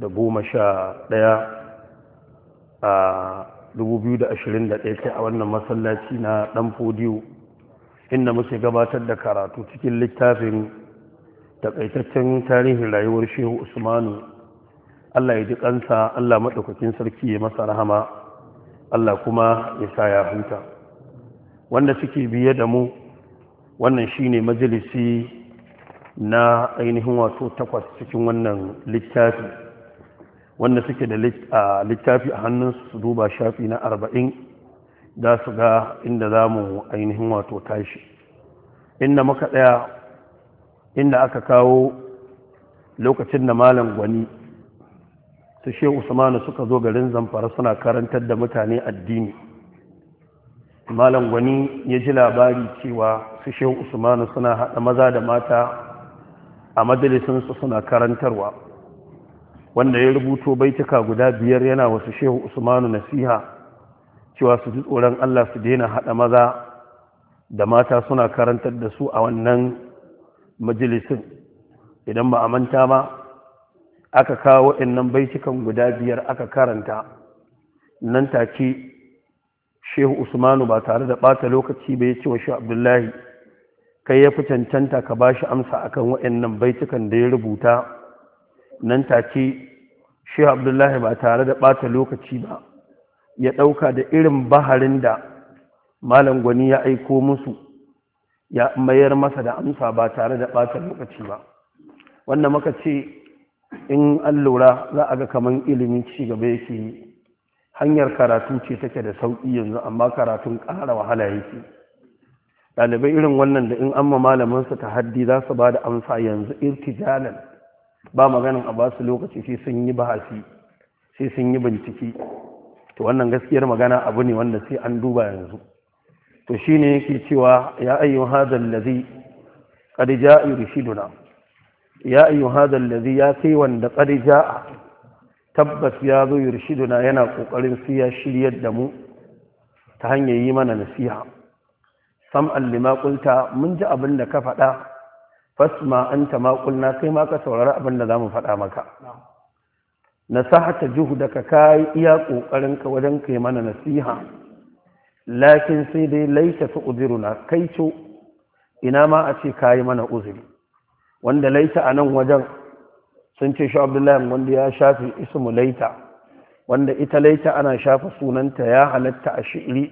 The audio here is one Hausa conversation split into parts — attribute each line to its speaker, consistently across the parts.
Speaker 1: da goma sha ɗaya a 2021 kai a wannan masallaci na ɗan fodiyo inda muke gabatar da karatu cikin littafin takaitaccen tarihin rayuwar shehu usmanu allah ya ji kansa allah maɗaukakin sarki ya masa rahama allah kuma ya sa ya huta wanda suke biye da mu wannan shine majalisi na ainihin wato takwas cikin wannan littafi wanda suke da littafi a hannun su duba shafi na arba'in za su ga inda za mu ainihin wato tashi inda muka ɗaya inda aka kawo lokacin da malam gwani su she usmanu suka zo garin zamfara suna karantar da mutane addini malam gwani ya ji labari cewa su she usmanu suna haɗa maza da mata a majalisinsu suna karantarwa wanda ya rubuto baituka guda biyar yana wasu shehu usmanu nasiha cewa su ji tsoron allah su daina haɗa maza da mata suna karantar da su a wannan majalisin idan ba a manta ba aka kawo waɗannan baitukan guda biyar aka karanta nan take shehu usmanu ba tare da ɓata lokaci ba ya ce wa shi abdullahi kai ya fi cancanta ka ba shi amsa akan waɗannan baitukan da ya rubuta nan take shi abdullahi ba tare da bata lokaci ba ya ɗauka da irin baharin da malam gwani ya aiko musu ya mayar masa da amsa ba tare da bata lokaci ba Wannan muka ce in an lura za a ga kamar ilimin ci gaba yake yi hanyar karatu ce take da sauƙi yanzu amma karatun ƙara wahala yake ɗalibai irin wannan da in an ma malamansa ta haddi za su ba da amsa yanzu irtijalan ba maganin a basu lokaci sai sun yi bahasi sai sun yi bincike to wannan gaskiyar magana abu ne wanda sai an duba yanzu to shi shine yake cewa ya ayyu hadal ladhi qad jaa yurshiduna ya ayyun hadal lazi ya kai wanda ja jaa tabbas ya zo yurshiduna yana kokarin su ya shiryar da mu ta hanyar yi mana nasiha sam'an lima qulta mun ji abin da ka faɗa fasma anta ma qulna kai ma ka saurari abin da mu faɗa maka nasahata juhdaka kai iya kokarin ka wajen kai mana nasiha lakin sai dai laita tu'diruna kai ce ina ma a ce kai mana uzuri wanda laita a nan wajen sun ce shi abdullahi wanda ya shafi ismu laita wanda ita laita ana shafa sunanta ya halatta a shi'iri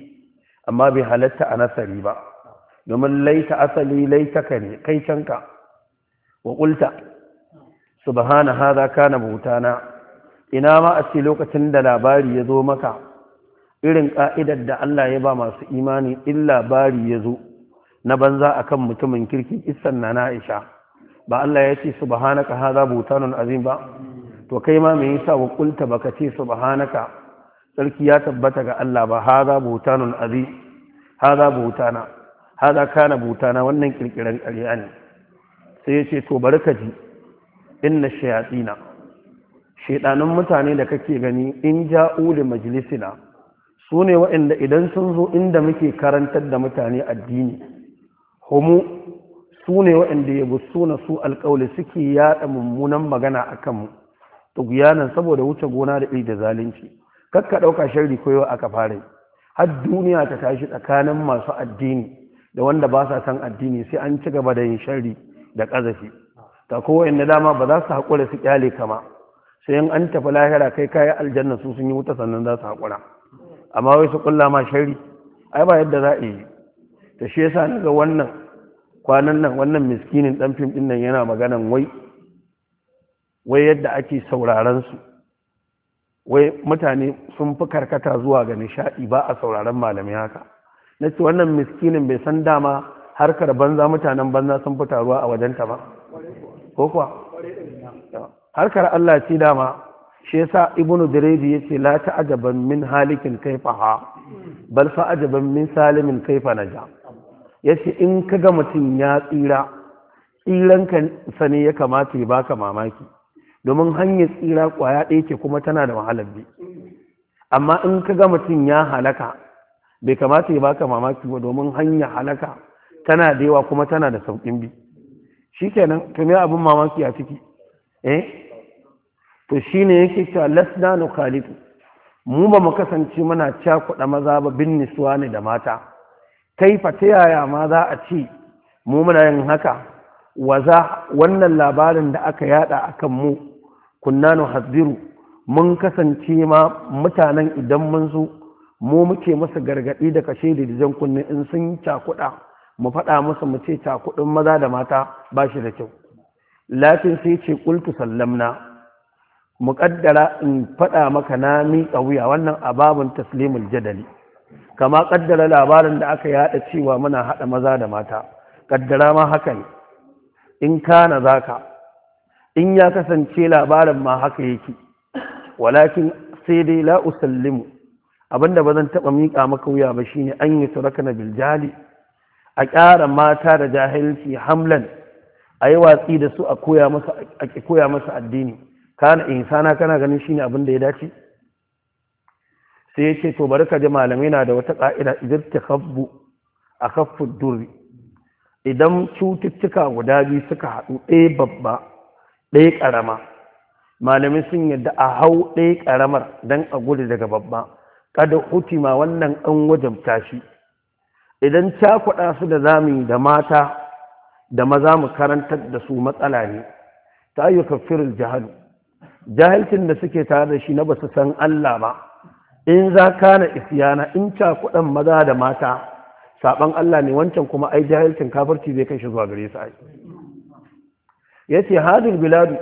Speaker 1: amma bai halatta a nasari ba domin laita asali laita ka ne kai canka wa subhana hadha kana butana, ina ma a ce lokacin da labari ya zo maka irin ka'idar da Allah ya ba masu imani in labari ya zo na banza akan mutumin kirki kissan na Na'isha, ba Allah ya ce subhanaka hadha buhtanun azim ba to kai ma me yasa wakulta baka ce subhanaka sarki ya tabbata ga Allah ba hadha buhtanun azim hadha buhtana hadha kana butana wannan kirkiran ƙarya ne sai ya ce to bari ka ji inna shayatina shaidanin mutane da kake gani in ja'u da majalisina su ne idan sun zo inda muke karantar da mutane addini homo su ne waɗanda ya su alkawali suke yaɗa mummunan magana a kanmu tuguyanan saboda wuce gona da iri da zalunci kakka ɗauka sharri koyo aka fara har duniya ta tashi tsakanin masu addini da wanda ba sa san addini sai an ci gaba da yin sharri da ƙazafi ta kowa inda dama ba za su haƙura su ƙyale kama sai in an tafi lahira kai kayi aljanna su sun yi wuta sannan za su haƙura amma wai su kulla ma shari ai ba yadda za a yi ta shi yasa na ga wannan kwanan nan wannan miskinin ɗan fim ɗin nan yana maganan wai wai yadda ake sauraron su wai mutane sun fi karkata zuwa ga nishaɗi ba a sauraron malamai haka na ce wannan miskinin bai san dama harkar banza mutanen banza sun fi taruwa a ta ba ko kuwa harkar Allah ce dama shi yasa ibnu direji yace la ta'ajaban min halikin kaifa ha bal fa ajaban min salimin kaifa naja yace in kaga mutum ya tsira tsiran ka sane ya kamata ya baka mamaki domin hanyar tsira kwaya ɗaya ce kuma tana da wahalar bi amma in kaga mutum ya halaka bai kamata ya baka mamaki ba domin hanya halaka tana da yawa kuma tana da sauƙin bi shi kenan to me abin mamaki a ciki eh to shine yake cewa lasna khalifu mu ba mu kasance muna cakuɗa maza ba bin nisuwa ne da mata fa ta yaya ma za a ci. mu muna yin haka waza wannan labarin da aka yada akan mu kunna hadiru mun kasance ma mutanen idan mun zo mu muke masa gargaɗi da kashe da dijan kunne in sun cakuɗa mu faɗa musu mu ce ta kuɗin maza da mata ba shi da kyau lafin sai ce kultu sallamna mu ƙaddara in faɗa maka na miƙa wuya wannan a babin taslimul jadali kama ƙaddara labarin da aka yaɗa cewa muna haɗa maza da mata Ƙaddara ma haka ne in kana zaka in ya kasance labarin ma haka yake walakin sai dai la Abin da ba zan taɓa miƙa maka wuya ba shine an yi na biljali a ƙyara mata da jahilci hamlan a yi watsi da su a koya masa addini kana insana eh, kana ganin shine abin da ya dace sai ya ce to bari ka ji malamai na da wata ƙa'ida idan ta kabbu a kafin duri, idan cututtuka guda biyu suka haɗu ɗaya babba ɗaya ƙarama malamai sun yadda a hau ɗaya ƙaramar don a gudu daga babba kada hutima wannan an wajabta shi idan cakuɗa su da zami da mata da maza mu karantar da su matsala ne ta yi kafirul jahalu jahilcin da suke tare da shi na basu san Allah ba in za ka na isyana in cakuɗan maza da mata saban Allah ne wancan kuma ai jahilcin kafirci zai kai shi zuwa gare su ai ce hadul biladu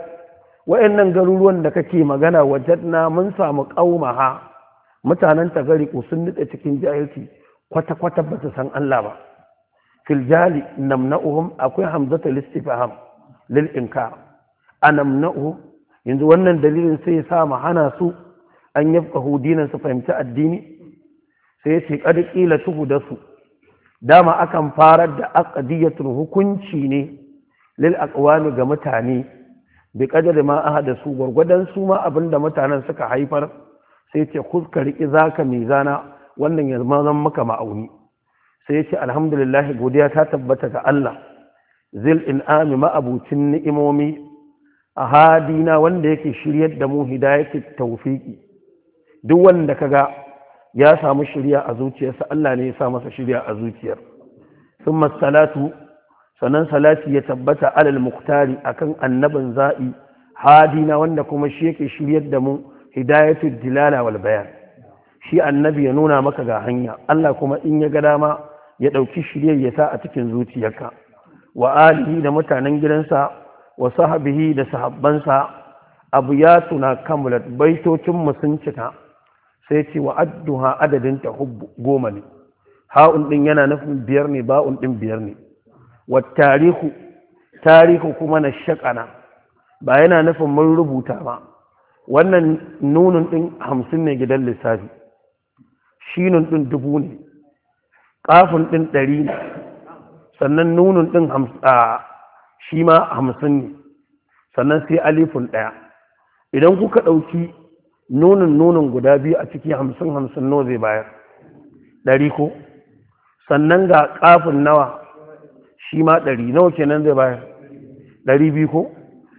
Speaker 1: wayannan garuruwan da kake magana wajen na mun samu ƙaumaha. mutanen tagariku sun nutse cikin jahilci kwata-kwata ba su san Allah ba filjali namna'uhum akwai hamzatul istifham lil inkar anamna'u yanzu wannan dalilin sai ya sa mu hana su an yafqahu dinan su fahimci addini sai ya ce tuhu da su. dama akan farar da aqdiyatul hukunci ne lil aqwami ga mutane bi qadari ma su gurgudan su ma abinda mutanen suka haifar sai ce kuskari zaka mizana wannan ya zama zan maka ma'auni sai ya ce alhamdulillah godiya ta tabbata ga Allah zil in'ami ma'abucin ni'imomi a hadina wanda yake shiryar da mu hidayatu taufiki duk wanda ka ga ya samu shirya a zuciyarsa Allah ne ya sa masa shirya a zuciyar thumma salatu sannan salati ya tabbata alal muktari akan annabin za'i hadina wanda kuma shi yake shiryar da mu hidayatu dilala wal bayan shi annabi ya nuna maka ga hanya Allah kuma in ya ga dama ya ɗauki shiryar ya sa a cikin zuciyarka wa alihi da mutanen gidansa wa sahabihi da sahabbansa abu ya tuna kamulat baitocin sun cika sai ce wa adduha adadin ta goma ne ha'un ɗin yana nufin biyar ne ba'un ɗin biyar ne wa tarihu tarihu kuma na shakana ba yana nufin mun rubuta ba wannan nunin ɗin hamsin ne gidan lissafi shinun ɗin dubu ne ƙafin ɗin ɗari ne sannan nunun ɗin shi ma hamsin ne sannan sai alifun ɗaya idan kuka ɗauki nunin nunin guda biyu a ciki hamsin hamsin no zai bayar ɗari ko sannan ga ƙafin nawa shi ma ɗari nawa kenan zai bayar ɗari biyu ko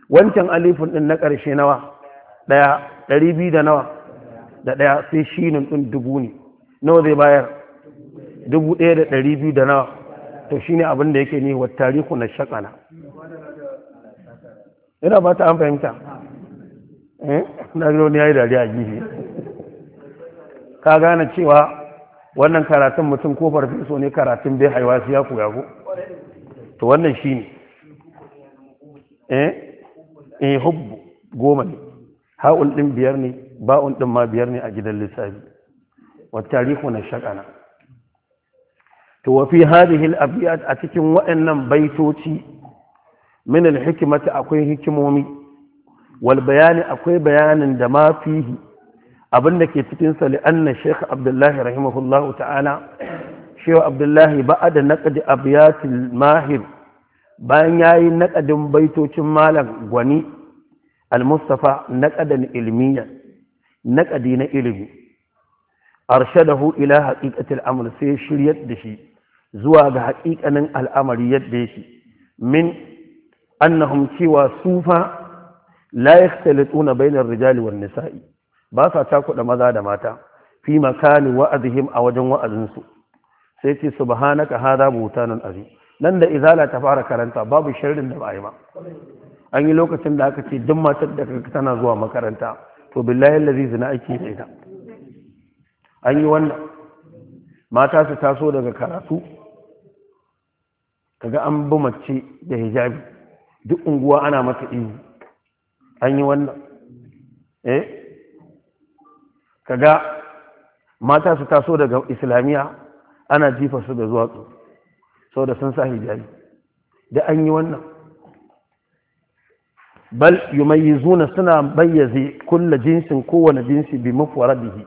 Speaker 1: wancan alifin ɗin na ƙarshe nawa ɗaya ɗari biyu da nawa da ɗaya sai shinin ɗin dubu ne nawa zai bayar dubu ɗaya da ɗari biyu da nawa to shi abin da yake ne wa tarihu na shakana ina ba ta an fahimta eh, Na na ga wani yi dariya a gefe ka gane cewa wannan karatun mutum ko so ne karatun bai haiwa su ya koya ko to wannan shi ne. eh, eh hubbu goma ne ha'ul din biyar ne ba'un din ma biyar ne a gidan lissafi والتاريخ نشأنا وفي هذه الأبيات أتكم وإن بيتوتي من الحكمة أكوي هكمومي والبيان أكوي بيان دما فيه أبنك يتكنسى لأن الشيخ عبد الله رحمه الله تعالى شيخ عبد الله بعد نقد أبيات الماهر bayan ya yi naƙadin baitocin malam gwani al-mustafa naƙadan ilmiya naƙadi na ilimi arshadahu ila haqiqatil amr sai shiryar da shi zuwa ga haƙiƙanin al'amari yadda yake min annahum cewa sufa la yakhtalituna bainar rijali wan nisa'i ba sa takuda maza da mata fi makani wa'azihim a wajen wa'azinsu sai ce subhanaka hadha butanun azim nan da izala ta fara karanta babu sharrin da ba yi an yi lokacin da aka ce duk matar da tana zuwa makaranta to billahi allazi zina ake da ita an yi wannan mata su taso daga karatu kaga an bi mace da hijabi duk unguwa ana mata ihu an yi wannan eh kaga mata su taso daga islamiyya ana jifa su da zuwatsu sau da sun sa hijabi da an yi wannan bal yumayyizuna suna bayyaze kulla jinsin kowane jinsi bi mafuwaradihi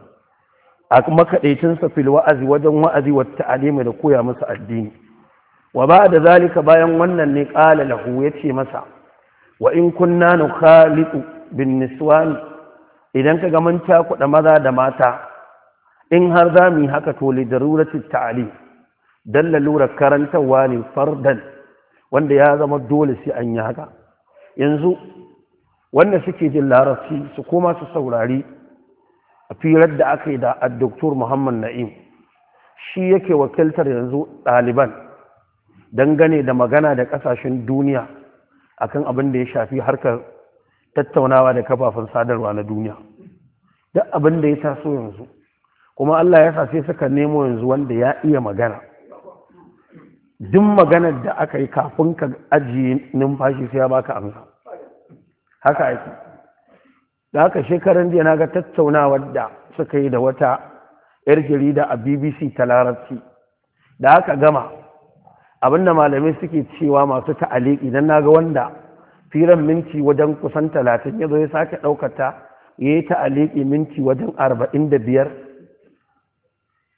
Speaker 1: a makaɗaicinsa fil wa'azi wajen wa'azi wa ta'alimi da koya masa addini wa ba da zalika bayan wannan ne qala lahu ce masa wa in kunna nukhaliqu bin niswani idan ka mun ta maza da mata in har za mu yi haka to li darurati ta'alim dan lalura karantawa ne fardan wanda ya zama dole sai an yi haka yanzu wanda suke jin larabci su koma su saurari a firar da aka yi da addoktor muhammad na'im shi yake wakiltar yanzu ɗaliban dangane da magana da ƙasashen duniya akan abin da ya shafi harkar tattaunawa da kafafen sadarwa na duniya duk abin da ya taso yanzu kuma allah ya sa suka nemo yanzu wanda ya iya magana duk maganar da aka yi kafin ka ajiye numfashi sai ya baka amsa haka ake da haka shekaran jiya na ga tattaunawar da suka yi da wata yar jarida a bbc ta larabci da haka gama abinda malamai suke cewa masu ta'aliki idan na ga wanda firan minti wajen kusan talatin ya zo ya sake ɗaukata ya yi ta'aliki minti wajen arba'in da biyar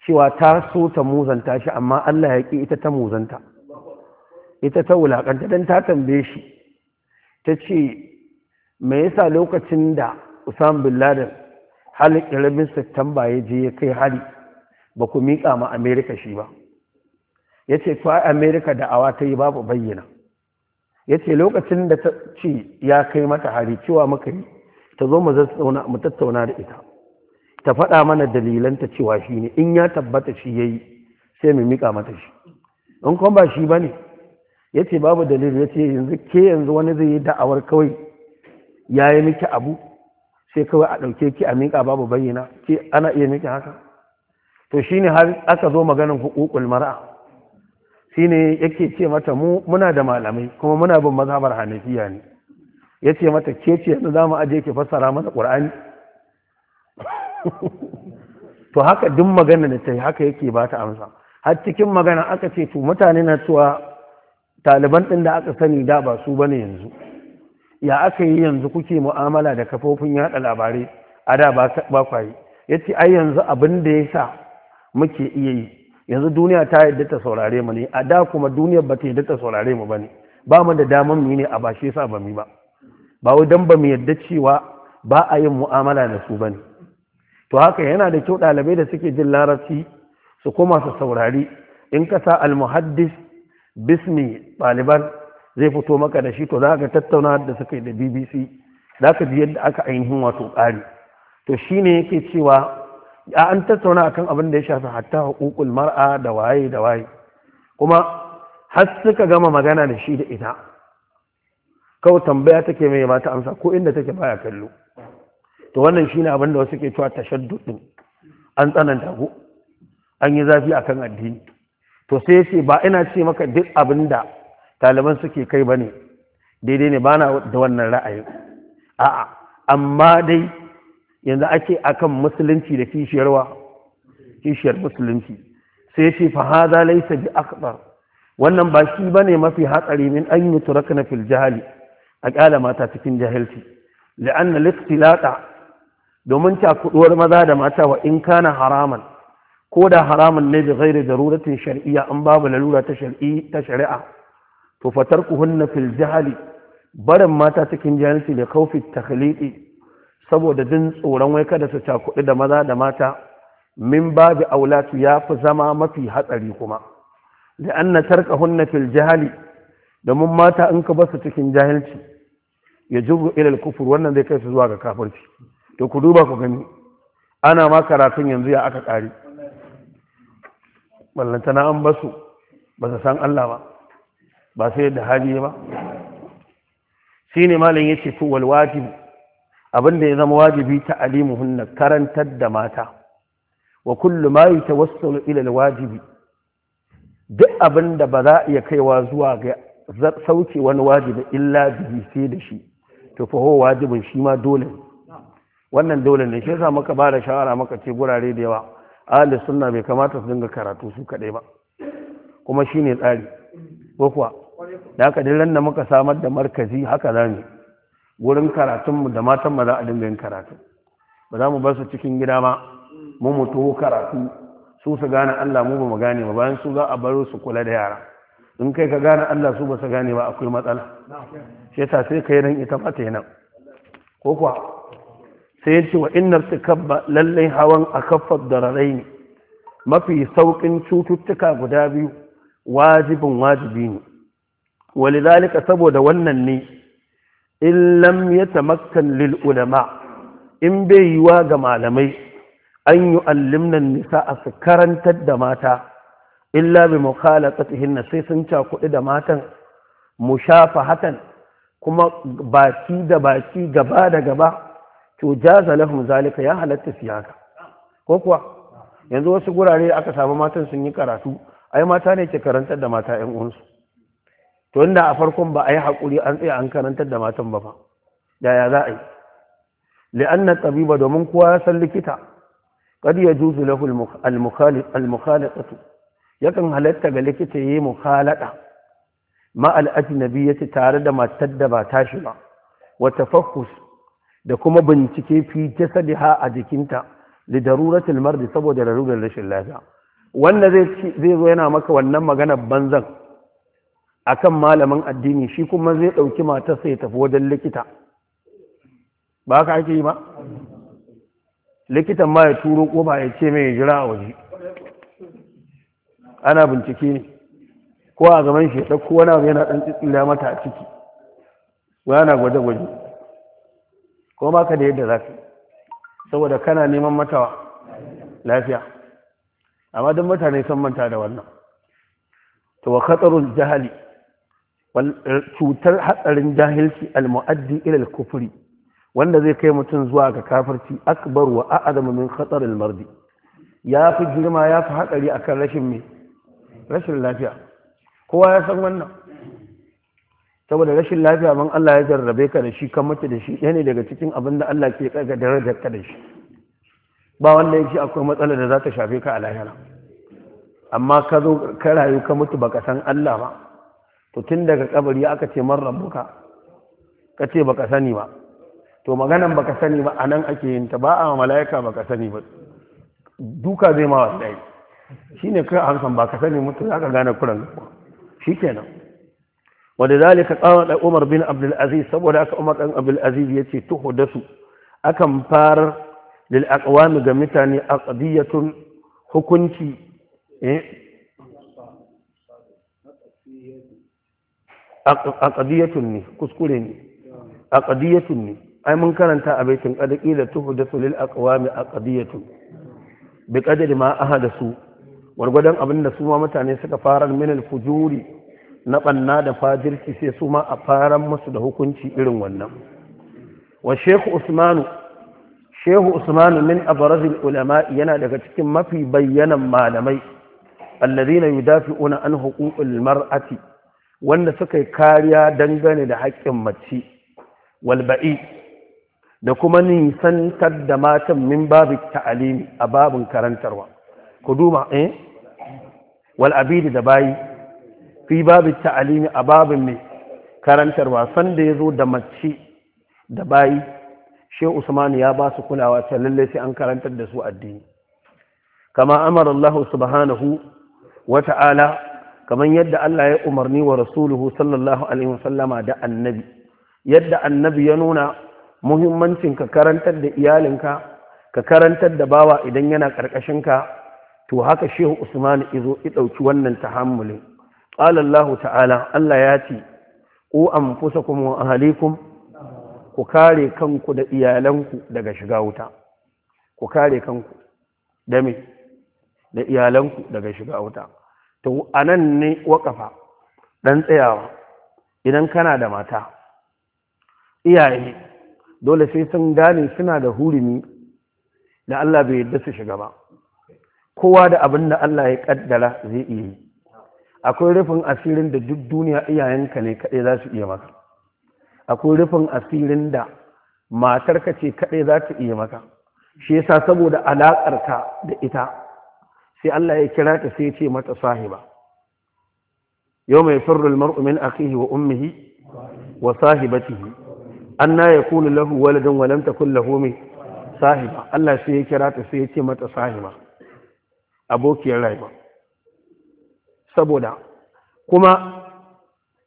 Speaker 1: cewa ta so ta muzanta shi amma allah ya ƙi ita ta muzanta ita ta wulaƙanta don ta tambaye shi ta ce me yasa lokacin da Usam bin Laden halin ƙirabin September ya je ya kai hari ba ku miƙa ma Amerika shi ba Yace ce kwa Amerika da awa ta yi babu bayyana Yace lokacin da ta ce ya kai mata hari cewa muka yi ta zo mu tattauna da ita ta faɗa mana dalilanta cewa shi ne in ya tabbata shi ya yi sai mu miƙa mata shi in kuma ba shi ba ne ya babu dalil ya ce yanzu ke yanzu wani zai yi da'awar kawai ya yi miki abu sai kawai a ɗauke ki a miƙa babu bayyana ke ana iya miki haka to shi ne har aka zo maganin hukukul mar'a ne yake ce mata mu muna da malamai kuma muna bin mazhabar hanafiya ne Ya ce mata ke ce yanzu mu aje ki fassara mana ƙur'ani? to haka duk magana da ta yi haka yake ba ta amsa har cikin magana aka ce to mutane na cewa taliban ɗin da aka sani da ba su bane yanzu ya aka yi yanzu kuke mu'amala da kafofin yaɗa labarai a da ba kwa yi ya ce ai yanzu abin da ya sa muke iya yi yanzu duniya ta yadda ta saurare mu ne a da kuma duniyar ba ta yadda ta saurare mu ba ne ba mu da damar mu ne a ba shi yasa ba mu ba ba wai dan ba mu yadda cewa ba a yin mu'amala da su ba ne to haka yana da kyau ɗalibai da suke jin larabci su koma su saurari in ka sa almuhaddis bismi ɗaliban zai fito maka da shi to za ka tattauna da suka yi da bbc za ka ji yadda aka ainihin wato ƙari to shi ne yake cewa ya an tattauna akan abin da ya shafi hatta hukukul mar'a da waye da waye kuma har suka gama magana da shi da ita kawai tambaya take mai mata amsa ko inda take baya kallo to wannan shine abin da wasu ke cewa tashaddud an tsananta ko an yi zafi akan addini to sai ce ba ina ce maka duk abin da ɗaliban suke kai ba ne daidai ne ba na da wannan ra'ayin a'a amma dai yanzu ake akan musulunci da kishiyarwa kishiyar musulunci sai ce fa haza laysa bi akbar wannan ba shi bane mafi hatsari min an yutrakna fil jahali a ƙyala mata cikin jahilci la'anna listilata domin cakuduwar maza da mata wa in kana haraman ko da haraman ne da gairi daruratin shar'iyya an babu lalura ta shari'a to fatarkuhunna fil jahali barin mata cikin jahilci da kaufi takhliqi saboda jin tsoron wai kada su cakuɗi da maza da mata min babu aulatu ya fi zama mafi hatsari kuma da an na tarka hunna fil jahali domin mata in ka basu cikin jahilci ya jugu ilal kufur wannan zai kai su zuwa ga kafirci to ku duba ku gani ana ma karatun yanzu ya aka kare ballantana an basu ba su san Allah ba ba sai da hali ba Shi ne malam yace to wal Abin abinda ya zama wajibi ta alimuhunna karantar da mata wa kullu ma yatawassalu ila al wajibi duk abinda ba za a iya kaiwa zuwa ga sauke wani wajibi illa bihi sai da shi to fa wajibin shi ma dole wannan dole ne shi yasa muka ba da shawara muka ce gurare da yawa ahli sunna bai kamata su dinga karatu su kadai ba kuma shine tsari ko kuwa da haka duk da muka samar da markazi haka za mu wurin karatunmu da matan ma za a dinga yin karatu ba za mu bar su cikin gida ma mu mutu karatu su su gane Allah mu ba mu gane ba bayan su za a baro su kula da yara in kai ka gane Allah su ba su gane ba akwai matsala shi ta sai kai nan ita mata yana ko kuwa sai yace wa innar takabba lallai hawan akaffa dararain mafi saukin cututtuka guda biyu wajibin wajibi ne walidhalika saboda wannan ne in lam yatamakkan lil ulama in bai yiwa ga malamai an yu'allimna nisa su karantar da mata illa bi mukhalaqatihinna sai sun kuɗi da matan mushafahatan kuma baki da baki gaba da gaba to jaza lahum zalika ya halatta siyaka ko kuwa yanzu wasu gurare aka samu matan sun yi karatu ai mata ne ke karantar da mata 'yan uwansu to inda a farkon ba a yi haƙuri an tsaya an karantar da matan ba fa yaya za a yi li'anna tabiba domin kowa ya san likita kad ya juzu lahu al-mukhalaqatu yakan halatta ga likita yayi mukhalaqa ma al-ajnabiyyati tare da matar da ba tashi ba wa tafakkus da kuma bincike fi jasadiha a jikinta li daruratil mardi saboda larurar rashin lafiya wanda zai zo yana maka wannan maganar banzan a kan malamin addini shi kuma zai ɗauki matarsa ya tafi wajen likita ba ka ake yi ba likitan ma ya turo ba ya ce mai jira a waje ana bincike ne ko a gaban shi ya Ko wani abu yana ɗan tsitsila mata a ciki yana gwaje-gwaje ko ba ka da yadda za ka saboda kana neman mata lafiya amma don mutane sun manta da wannan to wa khatarul jahali Eh, cutar hatsarin jahilci almu'addi ila al-kufri wanda zai kai mutum zuwa ga kafirci akbar wa a'zama min khatar al-mardi ya fi girma ya fi hatsari akan rashin rashin lafiya kowa ya san wannan saboda rashin lafiya man Allah ya jarrabe ka da shi kan mace da shi ɗaya daga cikin abin da Allah ke kaga darajar ka da shi ba wanda ya ce akwai matsalar da za ta shafe ka a lahira amma ka zo ka rayu ka mutu baka san Allah ba to tun daga kabari aka ce man rabbuka ka ce baka sani ba to maganan baka sani ba anan ake yin ta ba a mala'ika baka sani ba duka zai ma wallahi shine kai hamsan baka sani za zaka gane kuran Shi shikenan ka zalika qala Umar bin Abdul Aziz saboda aka Umar dan Abdul Aziz yace tuhdasu akan farar lil aqwami ga mutane aqdiyatun hukunci eh, aqdiyatun ne kuskure ne aqdiyatun ne ai mun karanta a baitin qad qila a lil aqwami aqdiyatun bi qadri ma ahadasu wargwadon abin da su ma mutane suka fara min fujuri na ɓanna da fajirci sai su ma a fara musu da hukunci irin wannan wa shehu usmanu shehu usmanu min abraz Ulama'i ulama yana daga cikin mafi bayyanan malamai Yudafi'u yudafi'una an huquqil mar'ati wanda suka yi kariya dangane da haƙƙin mace walba'i da kuma nisantar da matan min babu ta'alimi a babin karantarwa ku duba eh wal'abidi da bayi fi babu ta'alimi a babin mai karantarwa sanda ya zo da mace da bayi shi usman ya ba su kulawa ta lalle sai an karantar da su addini kama amara Allah subhanahu wa ta'ala kamar yadda Allah ya umarni wa rasuluhu sallallahu alaihi wasallama da annabi yadda annabi ya nuna muhimmancin ka karantar da iyalinka ka karantar da bawa idan yana karkashin ka to haka shehu usman izo i dauki wannan tahammulin qala Allah ta'ala Allah ya ce ku anfusakum wa ahlikum ku kare kanku da iyalanku daga shiga wuta ku kare kanku da me da iyalanku daga shiga wuta to anan ne wakafa ɗan tsayawa idan kana da mata iyaye dole sai sun gane suna da hurumi da Allah bai yadda su shiga ba kowa da abin da Allah ya kaddara zai iya yi akwai rufin asirin da duk duniya iyayenka ne kaɗai za su iya maka akwai rufin asirin da matarka ce kaɗai za ta iya maka shi yasa saboda alaƙarka da ita sai Allah ya kira ta sai ya ce mata sahiba yau mai firrul mar'umin akihi wa ummihi wa sahibatihi an na ya kuni lahu waladin wa lam kulla lahu mai sahiba Allah sai ya kira ta sai ya ce mata sahiba abokiyar rayuwa saboda kuma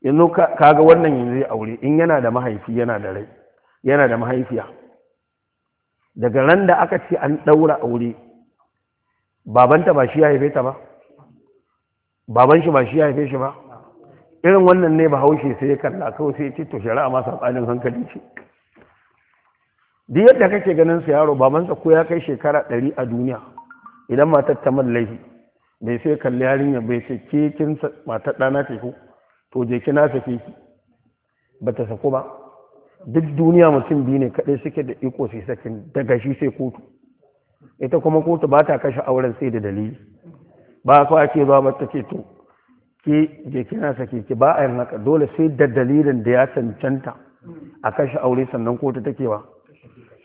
Speaker 1: yanzu kaga wannan yanzu ya aure in yana da mahaifi yana da rai yana da mahaifiya daga ran da aka ce an ɗaura aure babanta ba shi ya haife ta ba baban shi ba shi ya haife shi ba irin wannan ne ba haushe sai ya kalla kawai sai ya ce to shari'a ma sabanin hankali ce duk yadda kake ganin su yaro babansa ko ya kai shekara ɗari a duniya idan matar ta mallahi bai sai kalli yarinya bai ce ke kin matar ɗana ce ko to je kina sake ki ba ta sako ba duk duniya mutum biyu ne kaɗai suke da iko sai sakin daga shi sai kotu ita kuma kotu ba ta kashe auren sai da dalili ba kuwa ake zuwa mata ce to ke je kina sake ki ba a yin haka dole sai da dalilin da ya cancanta a kashe aure sannan kotu take wa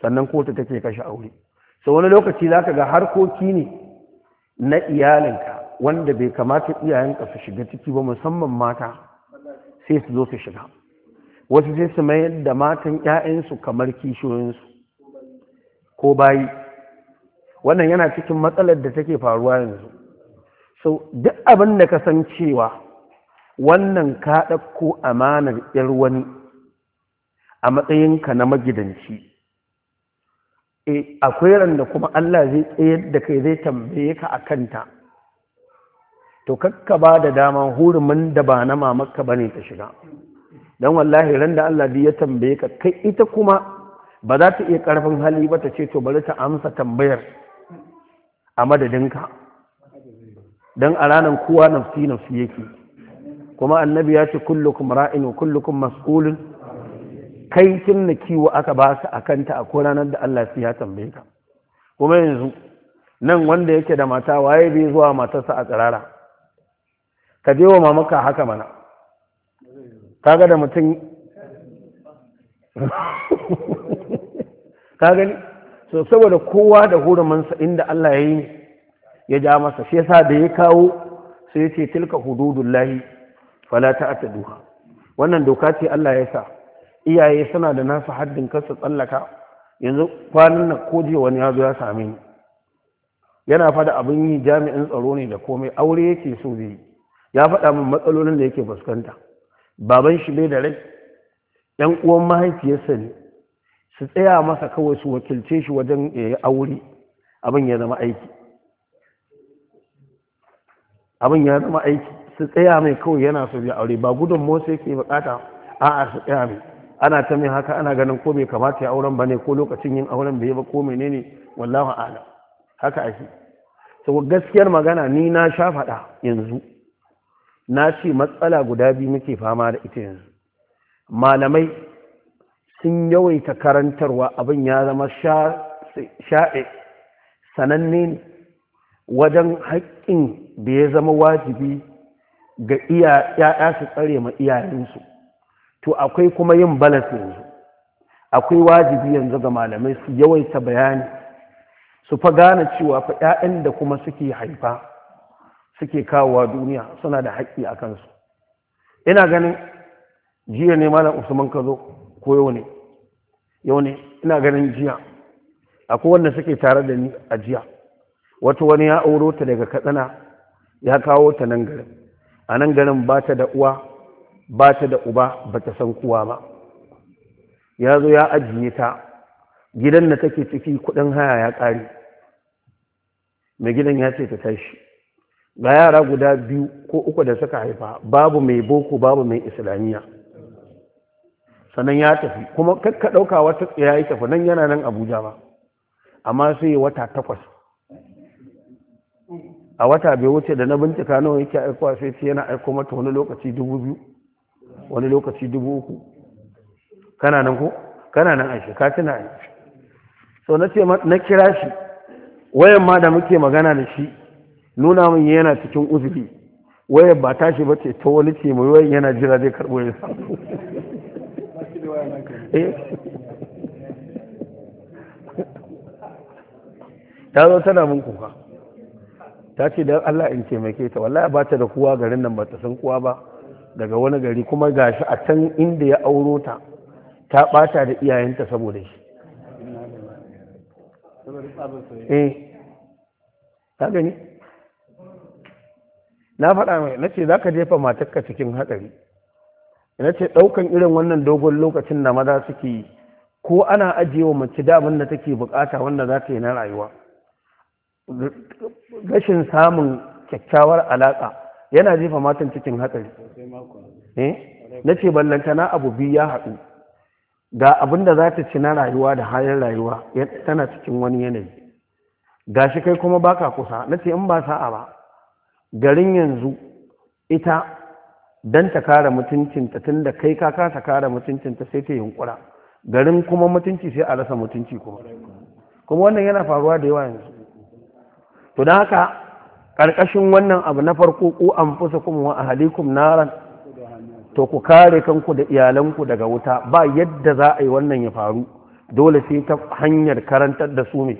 Speaker 1: sannan kotu take kashe aure sau wani lokaci za ka ga harkoki ne na iyalinka wanda bai kamata iyayenka su shiga ciki ba musamman mata sai su zo su shiga wasu sai su mayar da matan 'ya'yansu kamar kishiyoyinsu ko bayi wannan yana cikin matsalar da take faruwa yanzu so duk abin da ka san cewa wannan ka ɗauko amanar ‘yar wani a matsayinka na magidanci e akwai randa kuma Allah zai tsayar da kai zai tambaye ka a kanta to kakka ba da dama hurumin da ba na mamakka ba ne ta shiga don wallahi randa Allah ya tambaye ka kai ita kuma ba za ta iya ƙarfin hali ba ta ce to bari ta amsa tambayar a madadinka don a ranar kowa nafsi nafsi yake kuma annabi ya ce kullukum ra'in kullukum mas'ulun kai kin na kiwo aka ba su kanta a ranar da Allah sai ya tambaye ka kuma yanzu nan wanda yake da mata waye bai zuwa matarsa a tsirara ka je wa mamaka haka mana kaga da mutum ka gani so saboda kowa da hurumansa inda Allah ya yi ya ja masa shi yasa da ya kawo sai ce tilka hududullahi fala duha. wannan doka ce Allah ya sa iyaye suna da nasu haddin kansu tsallaka yanzu kwanan nan ko je wani ya ya same ni yana fada abin yi jami'in tsaro ne da komai aure yake so zai ya faɗa min matsalolin da yake fuskanta baban shi bai da rai yan uwan mahaifiyarsa ne su tsaya masa kawai su wakilce shi wajen ya yi aure abin ya zama aiki abin ya zama aiki su tsaya mai kawai yana so ya aure ba gudun motsa yake bukata a'a su tsaya mai ana ta mai haka ana ganin ko bai kamata ya auren ba ne ko lokacin yin auren bai ba ko menene wallahu a'lam haka ake to gaskiyar magana ni na sha faɗa yanzu na ce matsala guda biyu muke fama da ita yanzu malamai sun yawaita karantarwa abin ya zama sha'e sananne wajen haƙƙin da ya zama wajibi ga iya su tsare ma iyayensu to akwai kuma yin balas yanzu akwai wajibi yanzu ga malamai su yawaita bayani su fa gane cewa fa 'ya'yan da kuma suke haifa suke kawowa duniya suna da haƙƙi a kansu ina ganin jiya ne malam usman ka zo ko yau ne yau ne ina ganin jiya akwai wanda suke tare da ni a jiya wata wani ya auro ta daga katsina ya kawo ta nan garin a nan garin ba ta da uwa ba ta da uba ba ta san kuwa ba ya zo ya ajiye ta gidan da take ciki kudin haya ya ƙare mai gidan ya ce ta tashi ga yara guda biyu ko uku da suka haifa babu mai boko babu mai islamiyya sannan ya tafi kuma kakka ɗauka wata ya yi tafi nan yana nan abuja ba amma sai wata takwas a wata bai wuce da na bincika nawa yake aikowa sai ce yana aiko mata wani lokaci dubu biyu wani lokaci dubu uku kana nan ko kana nan aishi, ka tuna aishi. so na ce na kira shi wayan ma da muke magana da shi nuna min yana cikin uzuri wayan ba tashi ba ce ta wani ce mai wayan yana jira zai karbo ya samu Eh? ta zo tana mun kuka ta ce don Allah in taimake ta wallahi ba ta da kuwa garin nan ba ta san kuwa ba daga wani gari kuma gashi a can inda ya auro ta ta bata da iyayenta saboda shi eh ta gani na faɗa mai na ce za ka jefa matakka cikin hatsari ina ce ɗaukan irin wannan dogon lokacin da maza suke yi ko ana ajiye wa mace damar da take bukata wanda za ta yi na rayuwa rashin samun kyakkyawar alaƙa yana jefa matan cikin hatsari eh? na ce ballantana abu biyu ya haɗu ga abin da za ta ci na rayuwa da halin rayuwa tana cikin wani yanayi ga shi kai kuma baka kusa na ce in ba sa'a ba garin yanzu ita don ta kare mutuncinta tun da kai ka kasa kare mutuncinta sai ta yunkura garin kuma mutunci sai a rasa mutunci kuma kuma wannan yana faruwa da yawa yanzu to don haka ƙarƙashin wannan abu na farko ku an fusa kuma wa ahalikum naran to ku kare kanku da iyalanku daga wuta ba yadda za a yi wannan ya faru dole sai ta hanyar karantar da su mai.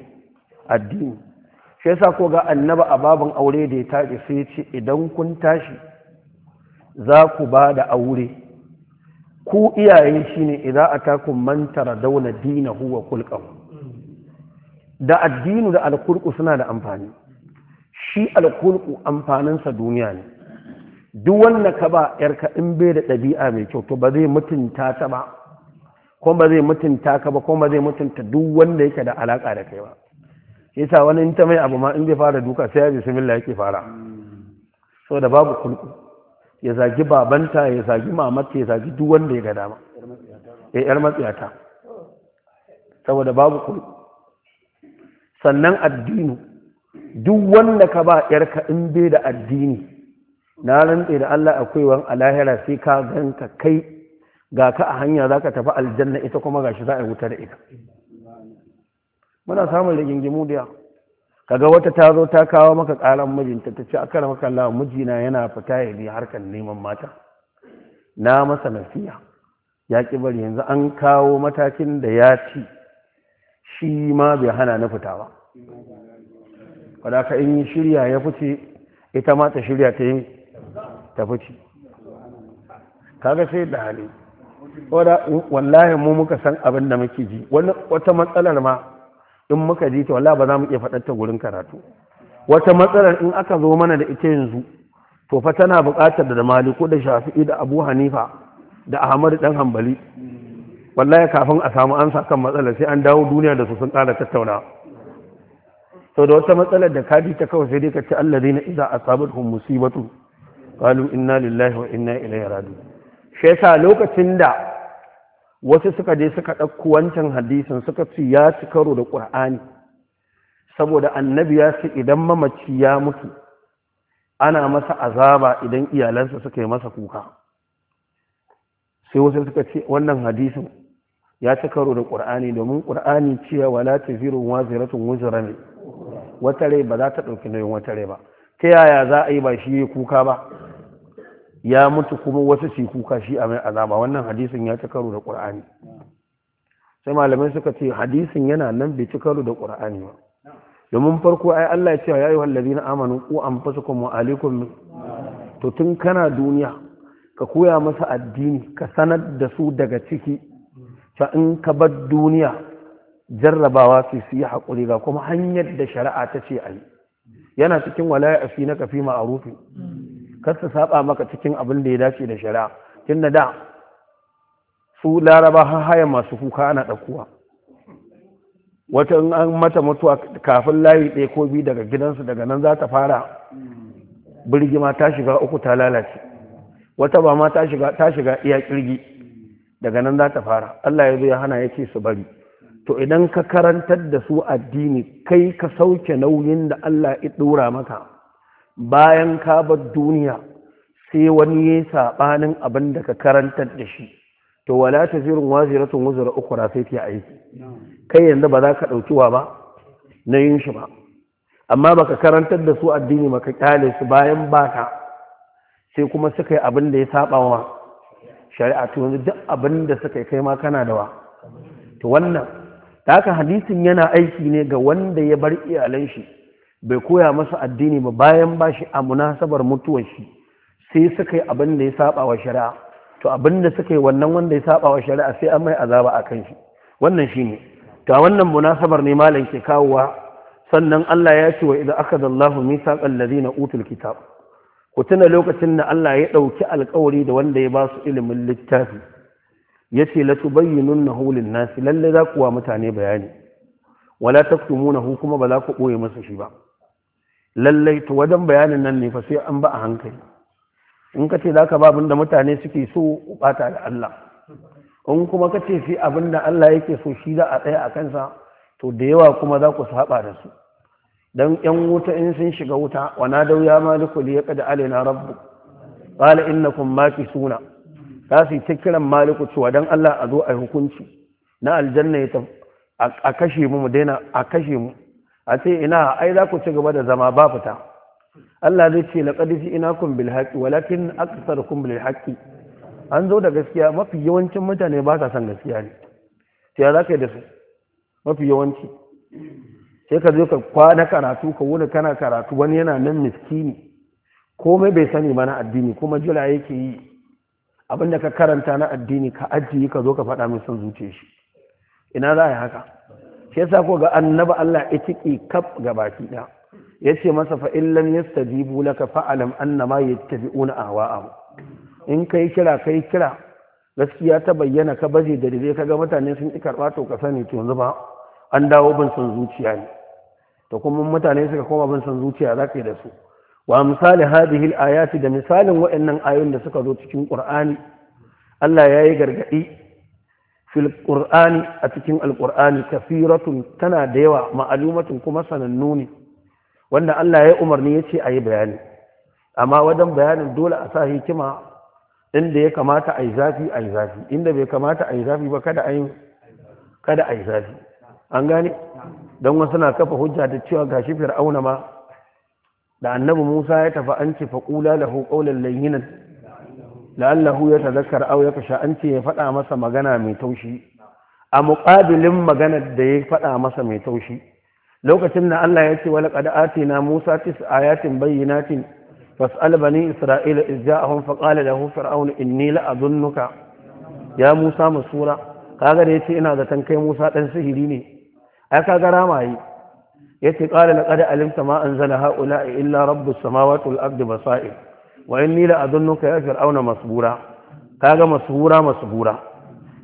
Speaker 1: addini shi yasa ko ga annaba a babin aure da ya tashi sai ya ce idan kun tashi za ku ba da aure ku iyaye shi ne idan a atakum mantara daula dina huwa kulqahu da addinu da alkulku suna da amfani shi alkulku amfaninsa duniya ne duk wanda ka ba yarka in bai da ɗabi'a mai kyau to ba zai mutunta ta ba ko ba zai mutunta ka ba ko ba zai mutunta duk wanda yake da alaka da kai ba yasa wani in ta mai abu ma in zai fara duka sai ya bismillah yake fara saboda babu kulku ya zagi babanta ya zagi mamata ya zagi duk wanda ya ga dama ya yar matsiyata saboda babu kuri sannan addini duk wanda ka ba yarka in bai da addini na rantse da Allah akwai wan alahira sai ka ganka kai ga ka a hanya zaka tafi aljanna ita kuma gashi za a wuta da ita muna samun rigingimu da yawa kaga wata ta zo ta kawo maka karan mijinta ta ce aka maka Allah mijina yana fita ya bi harkar neman mata na masa nafiya. ya ki bari yanzu an kawo matakin da ya ci shi ma bai hana na fita ba kada ka in shirya ya fice ita ma ta shirya ta yi ta fice kaga sai da hali wallahi mu muka san abin da muke ji wata matsalar ma in muka ji ta wallahi ba za mu iya faɗar ta gurin karatu wata matsalar in aka zo mana da ita yanzu to fa tana buƙatar da maliko da shafi'i da abu hanifa da Ahmadu ɗan hanbali wallahi kafin a samu ansa kan matsalar sai an dawo duniya da su sun ƙara tattauna to da wata matsalar da kaji ta kawai sai dai ka ce alladhina idza asabatuhum musibatu qalu inna lillahi wa inna ilaihi raji'un shi yasa lokacin da wasu suka je suka ɗauko wancan hadisin suka ce ya ci karo da ƙur'ani saboda annabi ya ce idan mamaci ya mutu ana masa azaba idan iyalansa suka yi masa kuka sai wasu suka ce wannan hadisin ya ci karo da ƙur'ani domin ƙur'ani cewa wala wa ziratun wuzra ne wata rai ba za ta ɗauki nauyin wata rai ba ta yaya za a yi ba shi kuka ba ya mutu kuma wasu ce kuka shi a mai azaba wannan hadisin ya ci karo da ƙur'ani sai malamai suka ce hadisin yana nan bai ci karo da ƙur'ani ba domin farko ai Allah ya ce ya yi wallazi na amanu ku an fasa kuma alaikum to tun kana duniya ka koya masa addini ka sanar da su daga ciki ta in ka bar duniya jarrabawa su su yi haƙuri ga kuma hanyar da shari'a ta ce a yi yana cikin walaya a fi na kafi ma'arufi kar su saba maka cikin abin da ya dace da shari'a tun da da su laraba har haya masu kuka ana ɗaukuwa wata in an mata mutuwa kafin layi ɗaya ko biyu daga gidansu daga nan za ta fara birgima ta shiga uku ta lalace wata ba ma ta shiga ta shiga iya kirgi daga nan za ta fara Allah ya zo ya hana yake su bari to idan ka karantar da su addini kai ka sauke nauyin da Allah ya dora maka bayan ka bar duniya sai wani ya saɓanin abin da ka karantar da shi to wala ta zirin waziratun wuzura uku sai ta aiki kai yanzu ba za ka ɗauki wa ba na yin shi ba amma baka karantar da su addini ba ka ƙyale su bayan baka sai kuma suka yi abin da ya saba wa shari'a to yanzu duk abin da suka yi kai ma kana da wa to wannan da haka hadisin yana aiki ne ga wanda ya bar iyalan shi bai koya masa addini ba bayan ba shi a munasabar mutuwar shi sai suka yi abin da ya saba wa shari'a to abin da suka yi wannan wanda ya saba wa shari'a sai an mai azaba a kan shi wannan shine to a wannan munasabar ne malam ke kawowa sannan Allah ya ce wa idan akada Allahu mithaqal ladina utul kitab ku tuna lokacin da Allah ya ɗauki alkawari da wanda ya ba su ilimin littafi ya ce la tubayyinunahu lin-nasi lalle za ku wa mutane bayani wala taktumuna kuma ba za ku ɓoye masa shi ba lallai to wajen bayanin nan ne fa sai an ba a hankali in ka ce za ka ba abin da mutane suke so bata da Allah in kuma ka ce sai abin da Allah yake so shi za a tsaya a kansa to da yawa kuma za ku saba da su dan yan wuta in sun shiga wuta wa na dau ya maliku li yaqad alaina rabbu qala innakum makisuna za su ta kiran maliku cewa dan Allah a zo a yi hukunci na aljanna ya a kashe mu daina a kashe mu a ce ina ai za ku ci gaba da zama ba fita Allah zai ce ina kun bil haƙi walakin aktharukum bil haƙi. an zo da gaskiya mafi yawancin mutane ba sa son gaskiya ne to za ka yi da su mafi yawanci sai ka zo ka kwana karatu ka wuni kana karatu wani yana nan miskini komai bai sani ba na addini kuma jira yake yi abinda ka karanta na addini ka ajiye ka zo ka faɗa min son zuciya shi ina za a yi haka shi yasa ko ga annaba Allah ya tiki kaf ga baki da yace masa fa in lam yastajibu laka fa alam annama yattabi'una ahwa'ahum in kai kira kai kira gaskiya ta bayyana ka baje da dare kaga mutane sun ki karba to ka sani to yanzu ba an dawo bin son zuciya ne to kuma mutane suka koma bin son zuciya zaka yi da su wa misali hadhihi al-ayati da misalin waɗannan ayoyin da suka zo cikin Qur'ani Allah yayi gargadi fil qur'ani a cikin alqur'ani kafiratun tana da yawa ma'alumatun kuma sanannu ne wanda Allah ya umarni yace ayi bayani amma wajen bayanin dole a sa hikima inda ya kamata ayi zafi ayi zafi inda bai kamata ayi zafi ba kada ayi kada ayi zafi an gane don wasu na kafa hujja da cewa gashi fir'auna ma da annabi Musa ya tafi an ce faqula lahu qawlan layyinan la'allahu ya tazakkar aw yaksha an ce ya faɗa masa magana mai taushi a muƙabilin maganar da ya faɗa masa mai taushi lokacin da Allah ya ce wala qad atina Musa tis ayatin bayyinatin fas'al bani isra'ila iz ja'ahum fa qala lahu fir'aun inni la adunnuka ya Musa masura kaga da yace ina zaton kai Musa dan sihiri ne ai kaga ramayi yace qala laqad alimta ma anzala haula illa rabbus samawati wal ardi basair wa inni la adunnuka ya fir'auna masbura kaga masbura masbura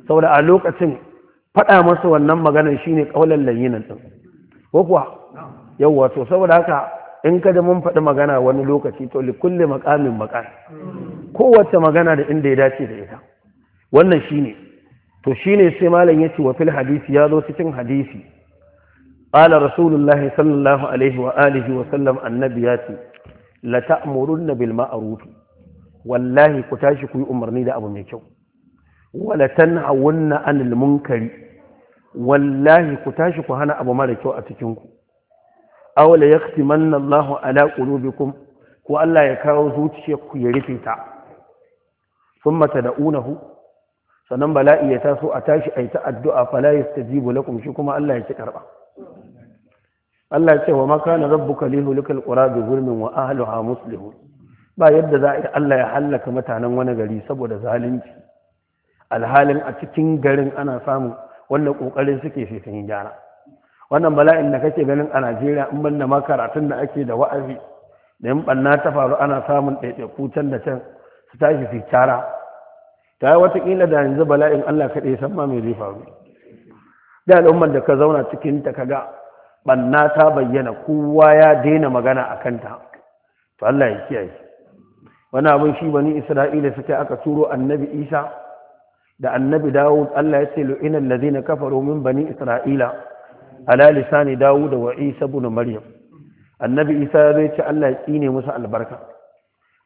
Speaker 1: saboda a lokacin faɗa masa wannan maganar shine kaulan layyinan din ko kuwa yawa to saboda haka in ka da mun faɗi magana wani lokaci to li kulli maqamin maqam kowace magana da inda ya dace da ita wannan shine to shine sai malam ya wa fil hadisi ya zo cikin hadisi قال رسول الله صلى الله عليه وآله وسلم النبياتي la bilma a ma'ruf wallahi ku tashi ku yi umarni da abu mai kyau wala tanhawunna anil munkari wallahi ku tashi ku hana abu mara kyau a cikin ku aw la yaktimanna Allahu ala qulubikum ko Allah ya kawo zuciyarku ya rufe ta thumma tad'unahu sannan bala'i ya taso a tashi ayi ta addu'a fala yastajibu lakum shi kuma Allah ya ci karba Allah ya ce wa maka na rabbuka lihulikal qura bi zulmin wa ahliha muslihun ba yadda za a Allah ya hallaka mutanen wani gari saboda zalunci alhalin a cikin garin ana samun wannan kokarin suke sai sun gyara wannan bala'in da kake ganin a Najeriya in banda ma karatun da ake da wa'azi da in banna ta faru ana samun ɗaiɗaiku can da can su tashi su tara ta yi watakila da yanzu bala'in Allah kaɗai san ma mai zai faru da al'ummar da ka zauna cikin ta ga. banna ta bayyana kowa ya daina magana a kanta to Allah ya kiyaye wani abin shi bani isra'ila suka aka turo annabi isa da annabi dawud Allah ya ce lu'inal ladina kafaru min bani isra'ila ala lisani dawud wa isa ibn maryam annabi isa ya zai ce Allah ya tsine musu albarka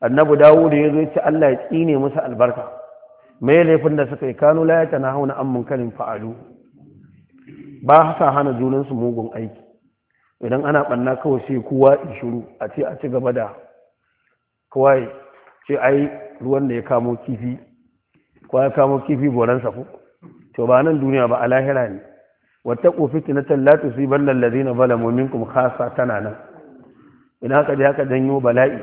Speaker 1: annabi dawud ya zai ce Allah ya tsine musu albarka Mai laifin da suka yi kanu la ya tanahuna an munkarin fa'alu ba sa hana junansu mugun aiki idan ana ɓanna kawai sai kowa shiru a ce a ci gaba da kawai ce ai ruwan da ya kamo kifi ko ya kamo kifi boransa ko to ba nan duniya ba a lahira ne wata wattaqu fitnatan la tusibanna bala momin kuma kasa tana nan idan haka da haka janyo bala'i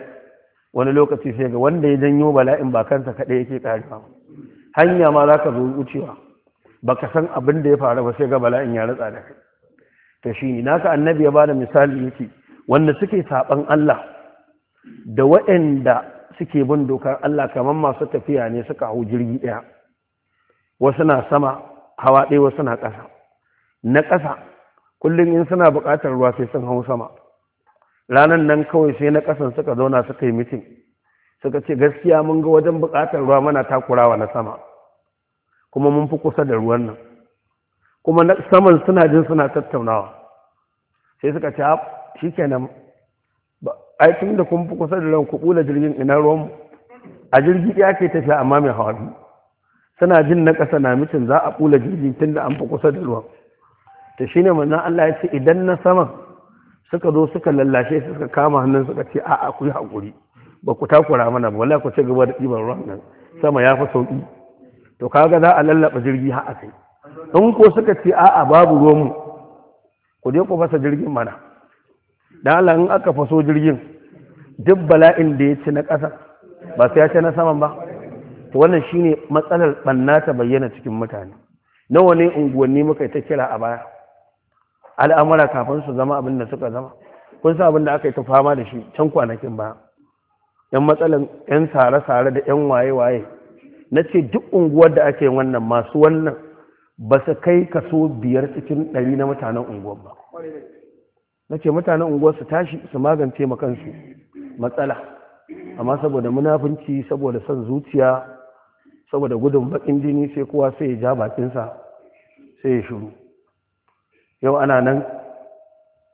Speaker 1: wani lokaci sai ga wanda ya janyo bala'in ba kansa kaɗai yake ba. hanya ma zaka zo wucewa baka san abin da ya faru ba sai ga bala'in ya ratsa da ta shi ne. naka annabi ya bada misali yake wanda suke saɓan Allah da waɗanda suke bin dokar Allah kamar masu tafiya ne suka hau jirgi ɗaya wasu na sama hawa ɗaya wasu na ƙasa na ƙasa kullum in suna buƙatar ruwa sai sun hau sama ranar nan kawai sai na ƙasan suka zauna suka yi mitin suka ce gaskiya mun ga wajen buƙatar ruwa mana takurawa na sama kuma mun fi kusa da ruwan nan kuma na saman suna jin suna tattaunawa sai suka ce ah, shi kenan ai tun da kun fi kusa da ran ku jirgin ina ruwan a jirgi ya ke tafiya amma mai hawa biyu suna jin na ƙasa na mitin za a bula jirgin tun da an fi kusa da ruwan ta shi ne manzan Allah ya ce idan na saman suka zo suka lallashe suka kama hannun suka ce a'a ku yi haƙuri ba ku takura mana ba wala ku ci gaba da ɗiban ruwan nan sama ya fi sauƙi to kaga za a lallaɓa jirgi har a kai in ko suka ce a'a babu romu ku je ku fasa jirgin mana da Allah in aka faso jirgin duk bala'in da ya ci na ƙasa ba sai ya ci na saman ba to wannan shine matsalar banna ta bayyana cikin mutane nawa ne unguwanni muka ta kira a baya al'amura kafin su zama abin da suka zama kun sa abin da aka yi ta fama da shi can kwanakin baya yan matsalan yan sare-sare da yan waye-waye na ce duk unguwar da ake wannan masu wannan ba su kai kaso biyar cikin ɗari na mutanen unguwar ba na ce mutanen unguwar su tashi su magance makansu matsala amma saboda munafunci saboda son zuciya saboda gudun bakin jini sai kowa sai ya ja bakinsa sai ya shiru yau ana nan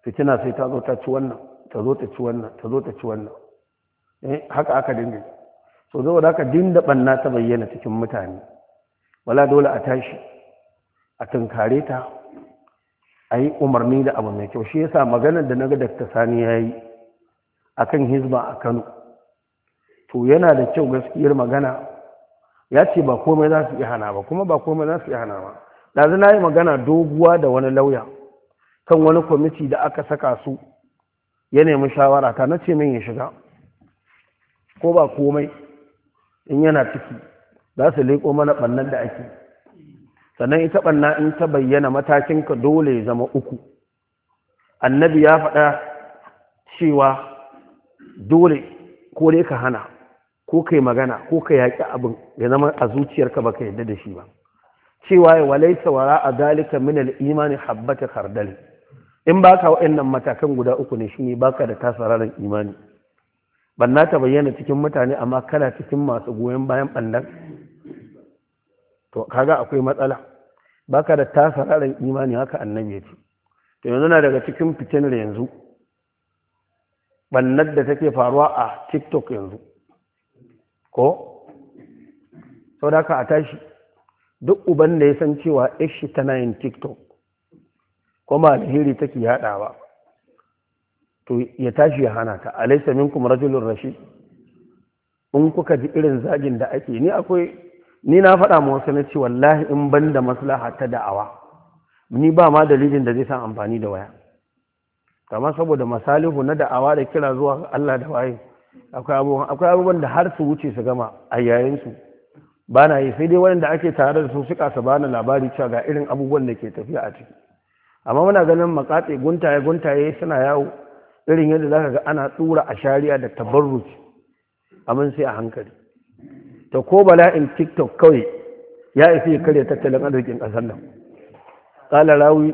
Speaker 1: fitina sai ta zo ta ci wannan ta zo ta ci wannan ta zo ta ci wannan eh, haka aka dinga so zo dinda banna ta bayyana cikin mutane wala dole a tashi a tunkare ta a yi umarni da abu mai kyau shi yasa maganar da na ga dakta sani ya yi a kan hizba a kano to yana da kyau gaskiyar magana ya ce ba komai za su iya hana ba kuma ba komai za su iya hana ba ɗazu na yi magana doguwa da wani lauya kan wani kwamiti da aka saka su ya nemi shawara ta na ce min ya shiga ko ba komai in yana ciki za su leƙo mana ɓannan da ake sannan ita ɓanna in ta bayyana matakinka dole ya zama uku annabi ya faɗa cewa dole ko dai ka hana ko kai magana ko ka yaƙi abin ya zama a zuciyarka ba ka yarda da shi ba cewa ya walaita wara a dalika min imani habbata khardal in baka waɗannan matakan guda uku ne shi shine baka da tasararan imani banna ta bayyana cikin mutane amma kana cikin masu goyon bayan ɓannan to kaga akwai matsala baka da tasararin imani haka annabi ya ce to yanzu na daga cikin fitinar yanzu bannar da take faruwa a tiktok yanzu ko sau da a tashi duk uban da ya san cewa ishi tana yin tiktok kuma alheri take yaɗawa to ya tashi ya hana ta alaisa minkum rajulun rashid in kuka ji irin zagin da ake ni akwai ni na faɗa ma wasu na ce wallahi in ban da maslaha ta da'awa ni ba ma dalilin da zai san amfani da waya kama saboda masalihu na da'awa da kira zuwa Allah da waye akwai abubuwan da har su wuce su gama a yayin su ba na yi sai dai waɗanda ake tare da su suka su bani labari cewa ga irin abubuwan da ke tafiya a ciki amma muna ganin makatse guntaye guntaye suna yawo irin yadda zaka ga ana tsura a shari'a da tabarruci amma sai a hankali to ko bala'in tiktok kawai ya isi karya tattalin arzikin ƙasar nan ƙala rawi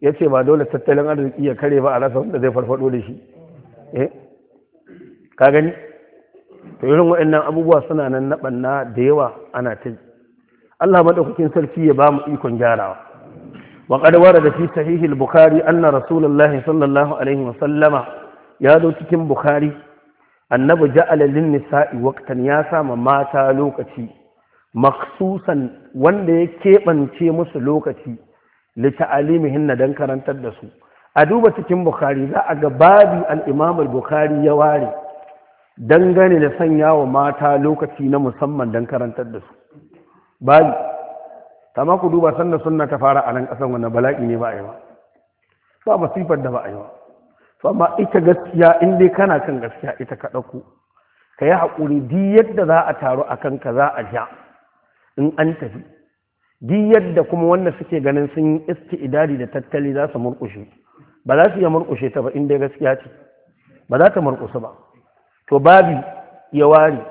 Speaker 1: ya ce ba dole tattalin arziki ya kare ba a rasa wanda zai farfado da shi eh, ka gani to irin waɗannan abubuwa suna nan na da yawa ana ta Allah madaukakin sarki ya ba mu ikon gyarawa wa qad warada fi sahih al-bukhari anna rasulullahi sallallahu alaihi wa sallama ya zo cikin bukhari annabi ja'ala lin nisa'i waqtan ya sama mata lokaci maksusan wanda ya keɓance musu lokaci li ta'alimihin dan karantar da su a duba cikin bukhari za a ga babi al-imam ya ware dangane da sanya wa mata lokaci na musamman dan karantar da su babi ku duba sanda sunna ta fara a nan kasan wannan bala'i ne ba a yi ba ba masifar da ba a yi ba to amma ita gaskiya in dai kana kan gaskiya ita ka ɗauko ka yi haƙuri duk yadda za a taru a kanka za a ja in an tafi duk yadda kuma wanda suke ganin sun yi iski idari da tattali za su murƙushe ba za su iya murƙushe ta ba in dai gaskiya ce ba za ta murƙusa ba to babi ya ware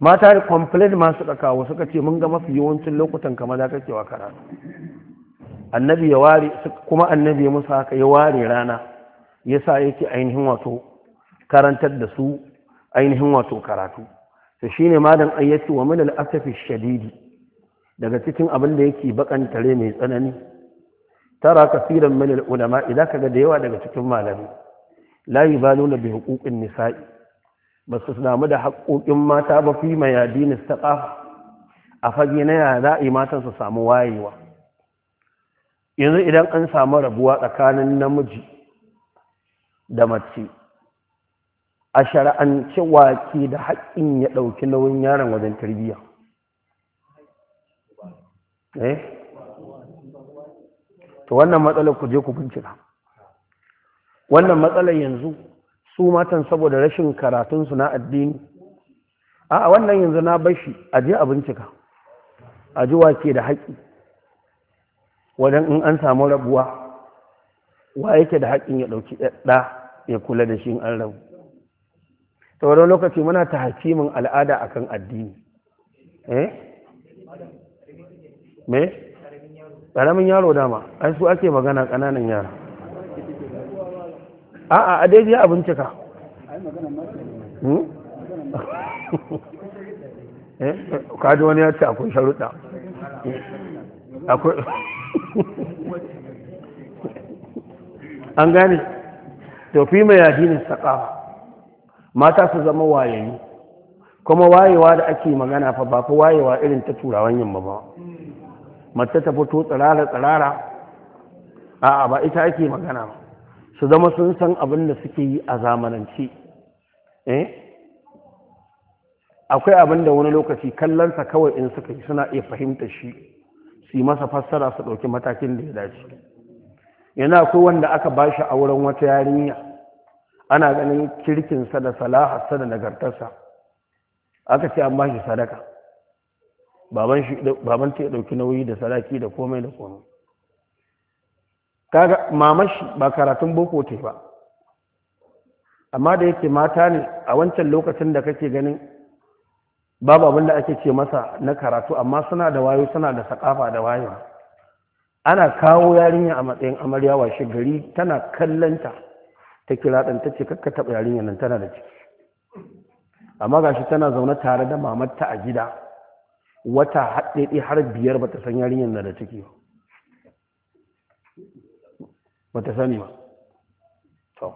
Speaker 1: mata da complain ma suka kawo suka ce mun ga mafi yawancin lokutan kamar za kake wa karatu annabi ya ware kuma annabi ya musu haka ya ware rana ya sa yake ainihin wato karantar da su ainihin wato karatu to shi ne madan ayyaci wa min al'asafi shadidi daga cikin abin da yake bakan tare mai tsanani tara kasiran min ulama idan ka ga da yawa daga cikin malami la nuna bi huquqin nisa'i ba su samu da haƙoƙin mata ba fi mayadin istaqafa a fage na yaya za a yi matan su samu wayewa yanzu idan an samu rabuwa tsakanin namiji da mace a shara'ance ke da haƙƙin ya ɗauki nauyin yaron wajen tarbiyya eh to wannan matsalar ku je ku bincika wannan matsalar yanzu su matan saboda rashin karatunsu na addini a wannan yanzu na bashi a je a bincika a ji wake da haƙƙi wajen in an samu rabuwa wa yake da haƙƙin ya ɗauki ɗaya? ya kula da shi an rabu ta wani lokaci muna ta hakimin al'ada a kan addini eh me ƙaramin yaro dama ai su ake magana ƙananan yara a'a a daidai a bincika hmm? eh? kaji wani ya ce akwai sharuɗa an gane Tofi fi mai yadinin saƙafa mata su zama wayayi kuma wayewa da ake magana fa ba fa wayewa irin ta turawan yamma ba mace ta fito tsirara tsirara a'a ba ita ake magana su zama sun san abin da suke yi a zamanance eh akwai abin da wani lokaci kallonsa kawai in suka yi suna iya fahimta shi su yi masa fassara su ɗauki matakin da ya dace yana akwai wanda aka ba shi a wurin wata yarinya ana ganin kirkinsa da sa da nagartarsa aka ce an ba shi sadaka baban ta ya ɗauki nauyi da sadaki da komai da komai kaga mamashi ba karatun boko ta ba amma da yake mata ne a wancan lokacin da kake ganin babu abin ake ce masa na karatu amma suna da wayo suna da sakafa da wayewa ana kawo yarinya a matsayin amarya washe gari tana kallanta ta kira ɗan ta ce kakka taɓa yarinyar nan tana da ciki amma gashi tana zaune tare da mamatta a gida wata haɗeɗe har biyar ba ta san yarinyar nan da ciki ba ta sani ba to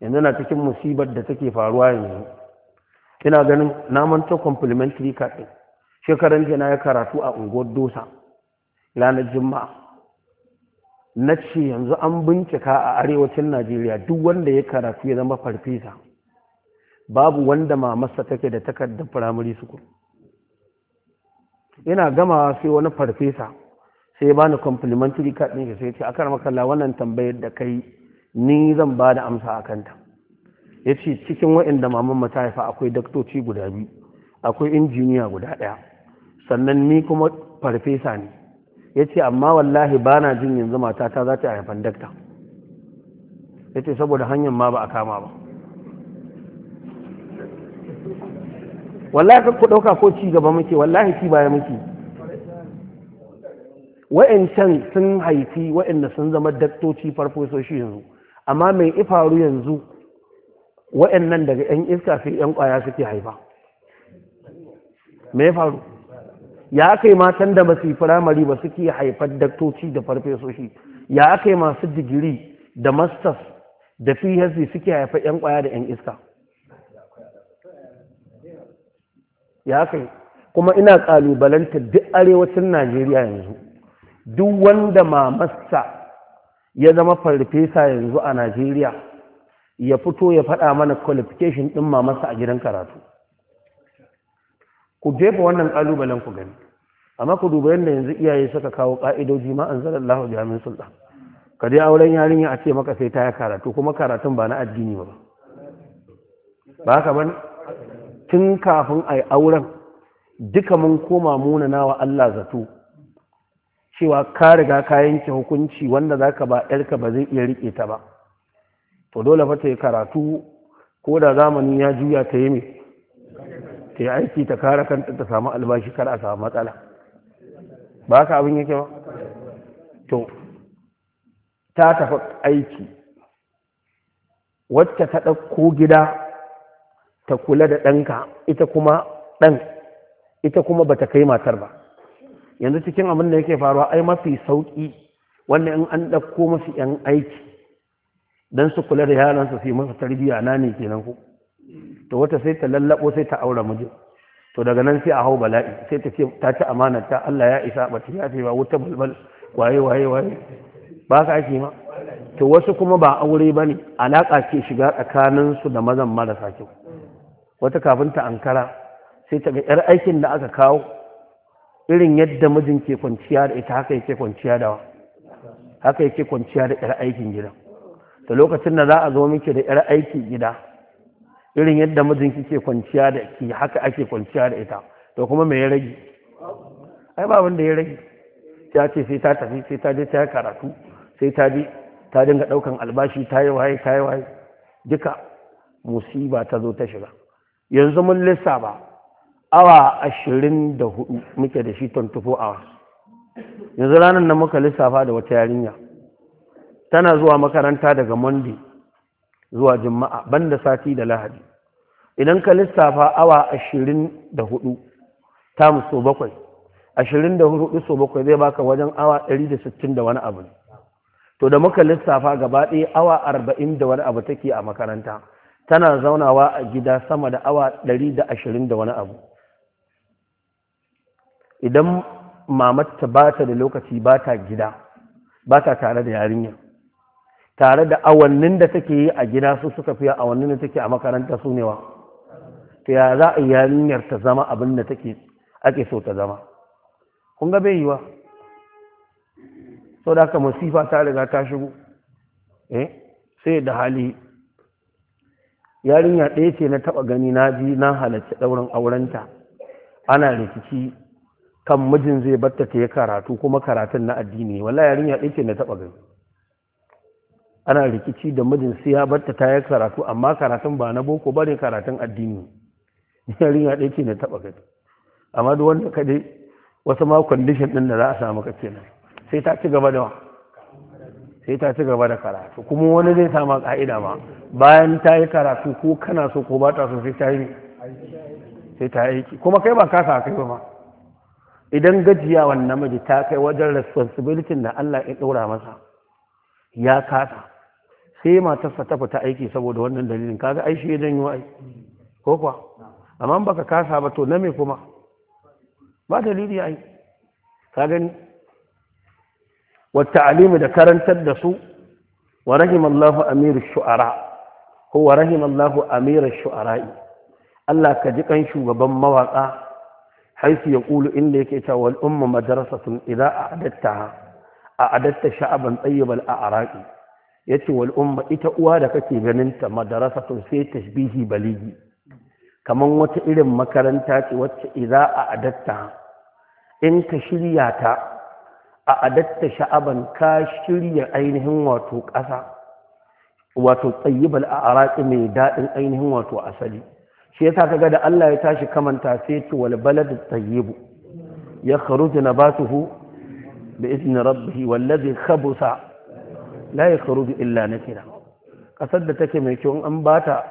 Speaker 1: yanzu na cikin musibar da take faruwa yanzu ina ganin na manta complimentary card shekaran jiya ya karatu a unguwar dosa ranar juma'a na ce yanzu an bincika a arewacin najeriya duk wanda ya karatu ya zama farfesa babu wanda mamarsa take da takardar firamare ku. ina gama sai wani farfesa sai bani complimentary card ɗin sai ce akar makalla wannan tambayar da kai ni zan ba da amsa a kanta ya ce cikin waɗanda maman ta haifa akwai daktoci guda biyu akwai injiniya guda ɗaya sannan ni kuma farfesa ne ya ce amma wallahi ba na jin yanzu matata za ta haifan dakta ya ce saboda hanyar ma ba a kama ba wallahi ku ɗauka ko ci gaba muke wallahi ci baya muke wa'ancan sun haifi wa'anda sun zama daktoci farfesoshi yanzu amma mai ifaru yanzu wa'annan daga 'yan iska sai 'yan kwaya suke haifa me ya faru ya aka matan da basu firamare ba suke haifar daktoci da farfesoshi ya aka yi masu digiri da masters da phd suke haifar yan kwaya da yan iska ya aka kuma ina kalubalanta duk arewacin najeriya yanzu duk wanda mamasta ya zama farfesa yanzu a najeriya ya fito ya faɗa mana qualification ɗin mamasta a gidan karatu ku jefa wannan kalubalen ku gani amma ku duba yadda yanzu iyaye suka kawo ka'idoji ma Allah biha min sultan ka je auren yarinya a ce maka sai ta ya karatu kuma karatun ba na addini ba ba ka tun kafin a yi auren duka mun koma munana wa Allah zato cewa ka riga ka yanke hukunci wanda zaka ba ‘yarka ba zai iya rike ta ba to dole fa ta yi karatu ko da zamani ya juya ta yi mai ta aiki ta kare kanta ta samu albashi kar a samu matsala ba ka abin yake ba to ta tafi aiki wacce ta ɗauko gida ta kula da ɗanka ita kuma ɗan ita kuma bata kai matar ba yanzu cikin abin da yake faruwa ai mafi sauƙi wanda in an ɗauko masu 'yan aiki don su kula da yaransu su yi masa tarbiyya na ne kenan ku to wata sai ta lallabo sai ta aura miji to daga nan sai a hau bala'i sai ta ce ta ci amanar ta Allah ya isa ba ta yafe ba wuta balbal waye waye waye ba ka ake ma to wasu kuma ba aure ba ne alaƙa ke shiga su da mazan marasa kyau wata kafin ta ankara sai ta ga 'yar aikin da aka kawo irin yadda mijin ke kwanciya da ita haka yake kwanciya da haka yake kwanciya da 'yar aikin gida To lokacin da za a zo miki da 'yar aiki gida irin yadda mijinki ke kwanciya da ke haka ake kwanciya da ita to kuma me ya rage ai ba wanda ya rage ta ce sai ta tafi sai ta je ta karatu sai ta je ta dinga daukan albashi ta yi waye ta yi waye duka musiba ta zo ta shiga yanzu mun lissafa awa ashirin da hudu muke da shi 24 hours yanzu ranar nan muka lissafa da wata yarinya tana zuwa makaranta daga monday zuwa juma'a banda sati da lahadi idan ka lissafa awa ashirin da hudu tamu so bakwai ashirin da hudu so bakwai zai baka wajen awa ɗari da sittin da wani abu to da muka lissafa gaba ɗaya awa arba'in da wani abu take a makaranta tana zaunawa a gida sama da awa ɗari da ashirin da wani abu idan mamata ba ta da lokaci ba ta gida ba ta tare da yarinya tare da awannin da take yi a gida su suka fiye awannin da take a makaranta su ne wa ya za a yarinyar ta zama abin da take ake so ta zama kun ga bai yi wa? sau da aka masifa ta riga ta shigo eh sai da hali yarinya ɗaya ce na taɓa gani na ji na halarci ɗaurin aurenta ana rikici kan mijin zai batta ta yi karatu kuma karatun na addini wala yarinya ɗaya ce na taɓa gani ana rikici da mijin sai ya barta ta yi karatu amma karatun ba na boko ba ne karatun addini yarinya ɗaya ce na taɓa kai amma duk wanda kaɗai wasu ma kwandishin ɗin da za a samu ka kenan sai ta ci gaba da sai ta ci gaba da karatu kuma wani zai sama ka'ida ma bayan ta yi karatu ko kana so ko ba ta so sai ta yi sai ta aiki kuma kai ba kasa kai ba idan gajiya wannan namiji ta kai wajen responsibility da Allah ya ɗora masa ya kasa sai matarsa ta fita aiki saboda wannan dalilin kaga ai shi ya janyo ai ko kuwa amma baka kasa ba to na me kuma ba dalili ai ka gani wa ta'alimi da karantar da su wa rahimallahu amirul shu'ara wa rahimallahu amirul shu'ara'i Allah ka ji kan shugaban mawaka haisu ya kulu inda yake ta wal umma madrasatun idza a'adatta a'adatta sha'aban tayyibal a'raqi ya ce umma ita uwa da kake ganin ta madarasa tun sai tashbihi baligi kamar wata irin makaranta ce wacce iza a adatta in ka shirya ta a adatta sha'aban ka shirya ainihin wato ƙasa wato tsayyibal a araki mai daɗin ainihin wato asali shi yasa kaga da Allah ya tashi kamanta sai ce wal balad tsayibu ya kharuju nabatuhu bi izni rabbih wallazi khabusa la ya bi illa nakira kasar da take mai kyau an bata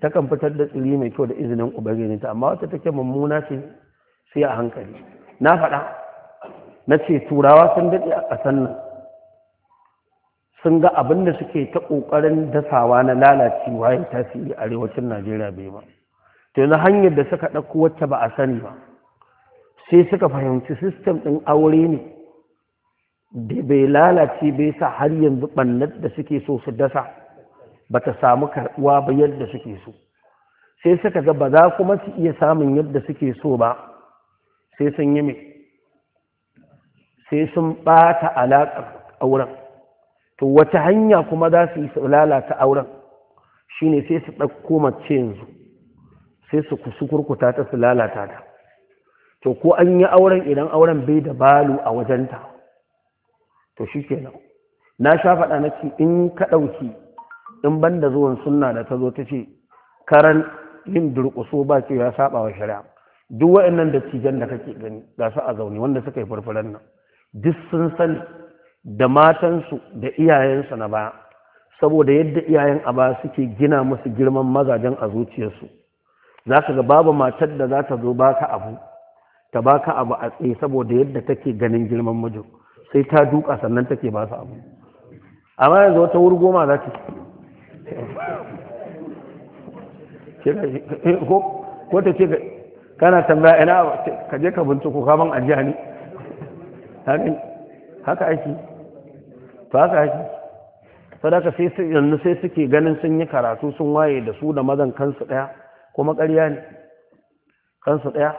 Speaker 1: ta kan fitar da tsiri mai kyau da izinin ubangiji ta amma wata take mummuna ce sai a hankali na faɗa na ce turawa sun daɗe a ƙasar nan sun ga abin da suke ta ƙoƙarin dasawa na lalacewa ya tasiri a arewacin najeriya bai ba to yanzu hanyar da suka ɗauko wacce ba a sani ba sai suka fahimci sistem ɗin aure ne da bai lalace bai sa har yanzu ɓannar da suke so su dasa ba ta samu karɓuwa ba yadda suke so sai suka ga ba za kuma su iya samun yadda suke so ba sai sun yi mai sai sun ɓata alaƙar auren to wata hanya kuma za su yi su lalata auren shine sai su ɗauko mace yanzu sai su kusu kurkuta ta su lalata ta to ko an yi auren idan auren bai da balu a wajenta to shi kenan na sha faɗa na ce in ka ɗauki in ban da zuwan sunna da ta zo ta ce karan yin durƙuso ba ce ya saba wa shari'a duk wayannan dattijan da kake gani ga su a zaune wanda suka yi farfaran nan duk sun sani da matansu da iyayensu na baya saboda yadda iyayen a baya suke gina musu girman mazajen a zuciyarsu za ka ga babu matar da za ta zo baka abu ta baka abu a tsaye saboda yadda take ganin girman mijin sai ta duka sannan take ba su abu amma yanzu wata goma za ta ko ta ce kana tambaya ina ka je ka binciko kaman ajiya ne haka aiki to haka aiki sadaka sai yanzu sai suke ganin sun yi karatu sun waye da su da mazan kansu daya kuma ƙarya ne kansu daya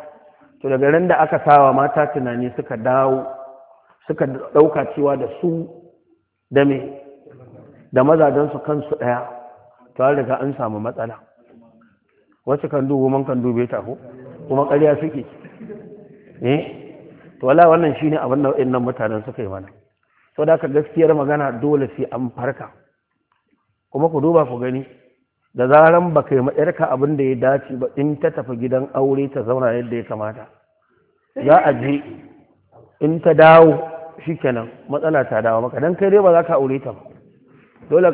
Speaker 1: to daga ran da aka sawa mata tunani suka dawo suka ɗauka cewa da su da me da mazajensu kansu ɗaya tare daga an samu matsala wasu kan dubu man kan dube ta ko kuma ƙarya suke ne eh? to wala wannan shine abin da nan mutanen suka yi mana da haka gaskiyar magana dole sai an farka kuma ku duba ku gani da zaran ba kai maɗarka abin da ya dace ba in ta tafi gidan aure ta zauna yadda ya kamata za a je in ta dawo shikenan matsala ta dawo maka dan kai dai ba za ka aure ta ba dole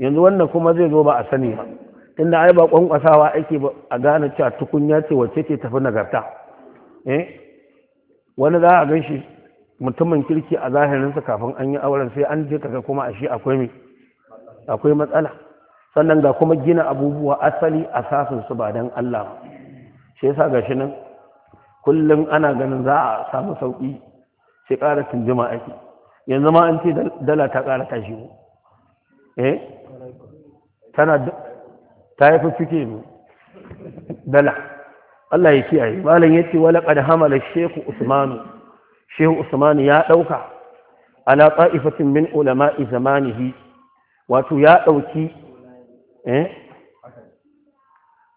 Speaker 1: yanzu wannan kuma zai zo ba a sani ba inda ai ba kwankwasawa ake a gane cewa tukunya ce wacce ce tafi nagarta eh wani za a gan shi mutumin kirki a zahirinsa kafin an yi auren sai an je kaga kuma a shi akwai matsala sannan ga kuma gina abubuwa asali asasin su ba dan Allah shi yasa gashi nan kullum ana ganin za a samu sauki sai ƙara tunjima yanzu ma an ce dala ta ƙara tashi mu eh tana ta yi fiffike ne dala Allah ya kiyaye malam yace wala qad hamala shaykh usmanu shaykh usmanu ya dauka ala ta'ifatin min ulama'i zamanihi wato ya dauki eh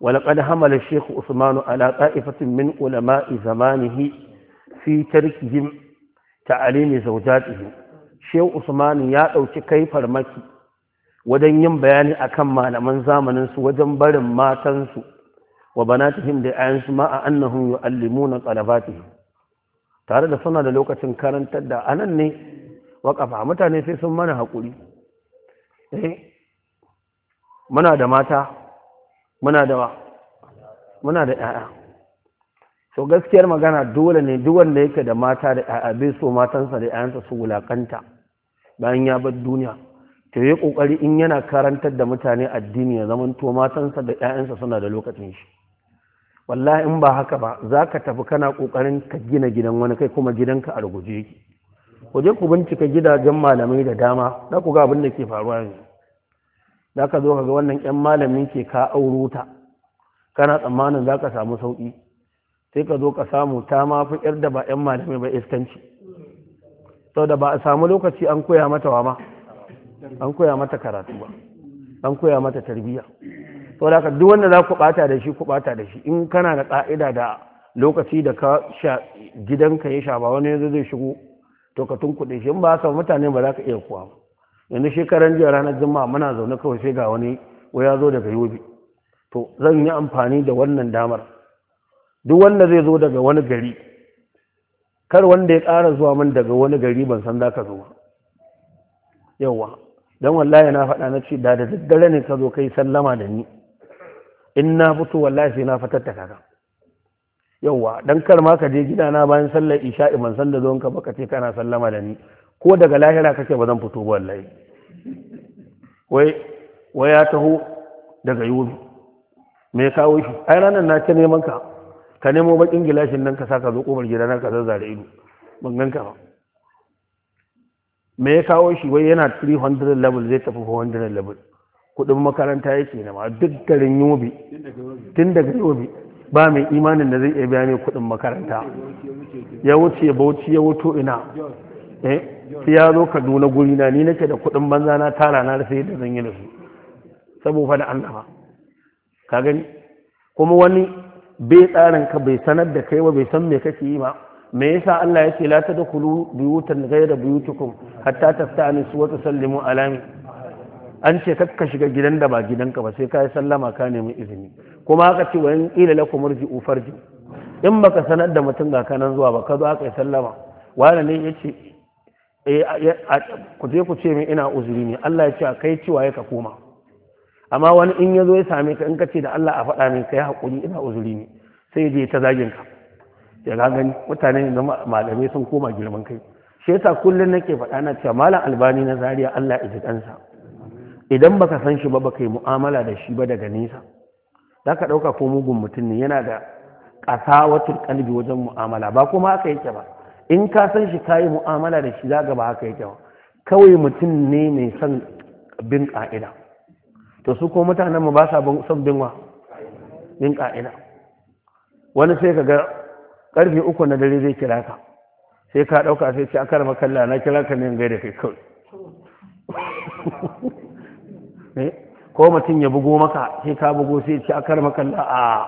Speaker 1: ولقد حمل الشيخ عثمان على طائفة من علماء زمانه في تركهم ta'alimi zawjatihi shehu usman ya dauki kai farmaki wajen yin bayani akan malaman zamanin su wajen barin matan su wa banatihim da su ma annahum yu'allimuna talabatihim tare da suna da lokacin karantar da anan ne waqafa mutane sai sun mana haƙuri eh, muna da mata muna da muna da 'ya'ya so gaskiyar magana dole ne duk wanda yake da mata da bai so matansa da 'ya'yansa su wulakanta bayan ya bar duniya to yi kokari in yana karantar da mutane addini ya zaman to matansa da 'ya'yansa suna da lokacin shi wallahi in ba haka ba za ka tafi kana kokarin ka gina gidan wani kai kuma gidanka a ruguje ki ku je ku bincika gidajen malamai da dama za ku ga abin da ke faruwa yanzu Za ka zo ka ga wannan 'yan malamin ke ka auruta ta kana tsammanin za ka samu sauƙi sai ka zo ka samu ta ma fi yar da ba 'yan malamai ba iskanci sau da ba a samu lokaci an koya mata wa an koya mata karatu ba an koya mata tarbiyya sau da duk wanda za ku bata da shi ku bata da shi in kana da ƙa'ida da lokaci da ka sha gidanka ya sha ba wani yanzu zai shigo to ka tunkuɗe shi in ba haka mutane ba za ka iya kuwa ba yanzu shekaran jiya ranar juma'a muna zaune kawai sai ga wani ya zo daga yobe to zan yi amfani da wannan damar duk wanda zai zo daga wani gari kar wanda ya ƙara zuwa min daga wani gari ban san za ka zo yawa don wallahi na faɗa na ce da da daddare ne ka zo kai sallama da ni in na fito wallahi sai na fatar da kaza. yawa dan kar ma ka je gida na bayan sallar isha'i ban san da zuwan ka baka ce kana sallama da ni ko daga lahira kake ba zan fito ba wallahi wai wai ya taho daga yuzu me kawo shi ai ranar na ce neman ka ka nemo bakin gilashin nan ka sa ka zo kofar gida na ka zazzare ido ban ganka ba me ya kawo shi wai yana 300 level zai tafi 400 level kudin makaranta yake na ma duk garin yobe tun daga yobe ba mai imanin da zai iya biya ne kudin makaranta ya wuce bauchi ya wuto ina eh sai ya zo kaduna guri na ni nake da kuɗin banza na tara na da sai da zan yi da su saboda da ka gani kuma wani bai tsarin ka bai sanar da kai ba bai san me kake yi ba me yasa Allah yake la tadkhulu buyutan ghayra buyutikum hatta su wa tusallimu alami an ce kakka shiga gidan da ba gidan ka ba sai ka yi sallama ka nemi izini kuma aka ce wayan ila lakum rji'u farji in baka sanar da mutum ga kanan zuwa ba ka zo aka yi sallama wani ne yace ce eh, ku je ku ce min ina uzuri ne Allah ya ce a kai ciwaye ka koma amma wani in ya zo ya same ka in ka ce da Allah a faɗa min ka yi haƙuri ina uzuri ne sai je ta zagin ka ya ga gani mutane da malamai sun koma girman kai shi yasa kullum nake faɗa na cewa malam albani na zariya Allah ya ji kansa idan baka san shi ba baka yi mu'amala da shi ba daga nesa zaka ka ɗauka ko mugun mutum ne yana da ƙasawatul kalbi wajen mu'amala ba kuma haka yake ba in ka san shi ka mu'amala da shi za ba haka yake ba kawai mutum ne mai son bin ƙa'ida to su ko mutanenmu ba sa son binwa bin ka'ida wani sai ka ga ƙarfe uku na dare zai kira ka sai ka ɗauka sai ce a karama kalla na kira ka ne gaida kai kawai eh, ko mutum ya bugo maka sai ka bugo sai ce a karama kalla a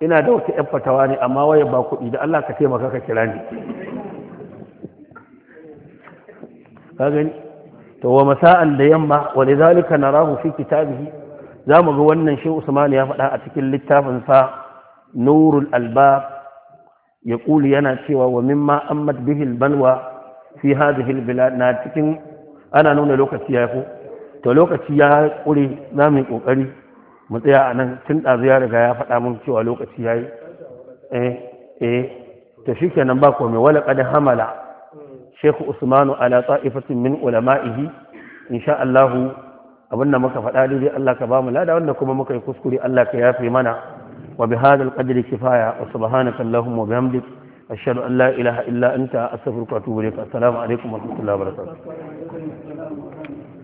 Speaker 1: ina da wata yan fatawa ne amma waya ba kuɗi da Allah ka taimaka ka kira ni ka gani to wa masa'an da yamma wa lidhalika narahu fi kitabihi zamu ga wannan shi Usman ya faɗa a cikin littafin sa Nurul Albab ya kuli yana cewa wa mimma ammat bihi albalwa fi hadhihi albilad na cikin ana nuna lokaci ya ko to lokaci ya kure zamu yi kokari mu tsaya a nan tun ɗazu ya riga ya faɗa mun cewa lokaci ya yi eh eh to shikenan ba komai wala qad hamala Sheikh Usmanu ala ta'ifatin min ulama'ihi insha Allah abinda muka faɗa dai Allah ka bamu lada wanda kuma muka yi kuskure Allah ka yafe mana wa bi hadal qadri kifaya wa subhanaka allahumma wa bihamdik ashhadu an la ilaha illa anta astaghfiruka wa atubu assalamu alaikum wa rahmatullahi wa barakatuh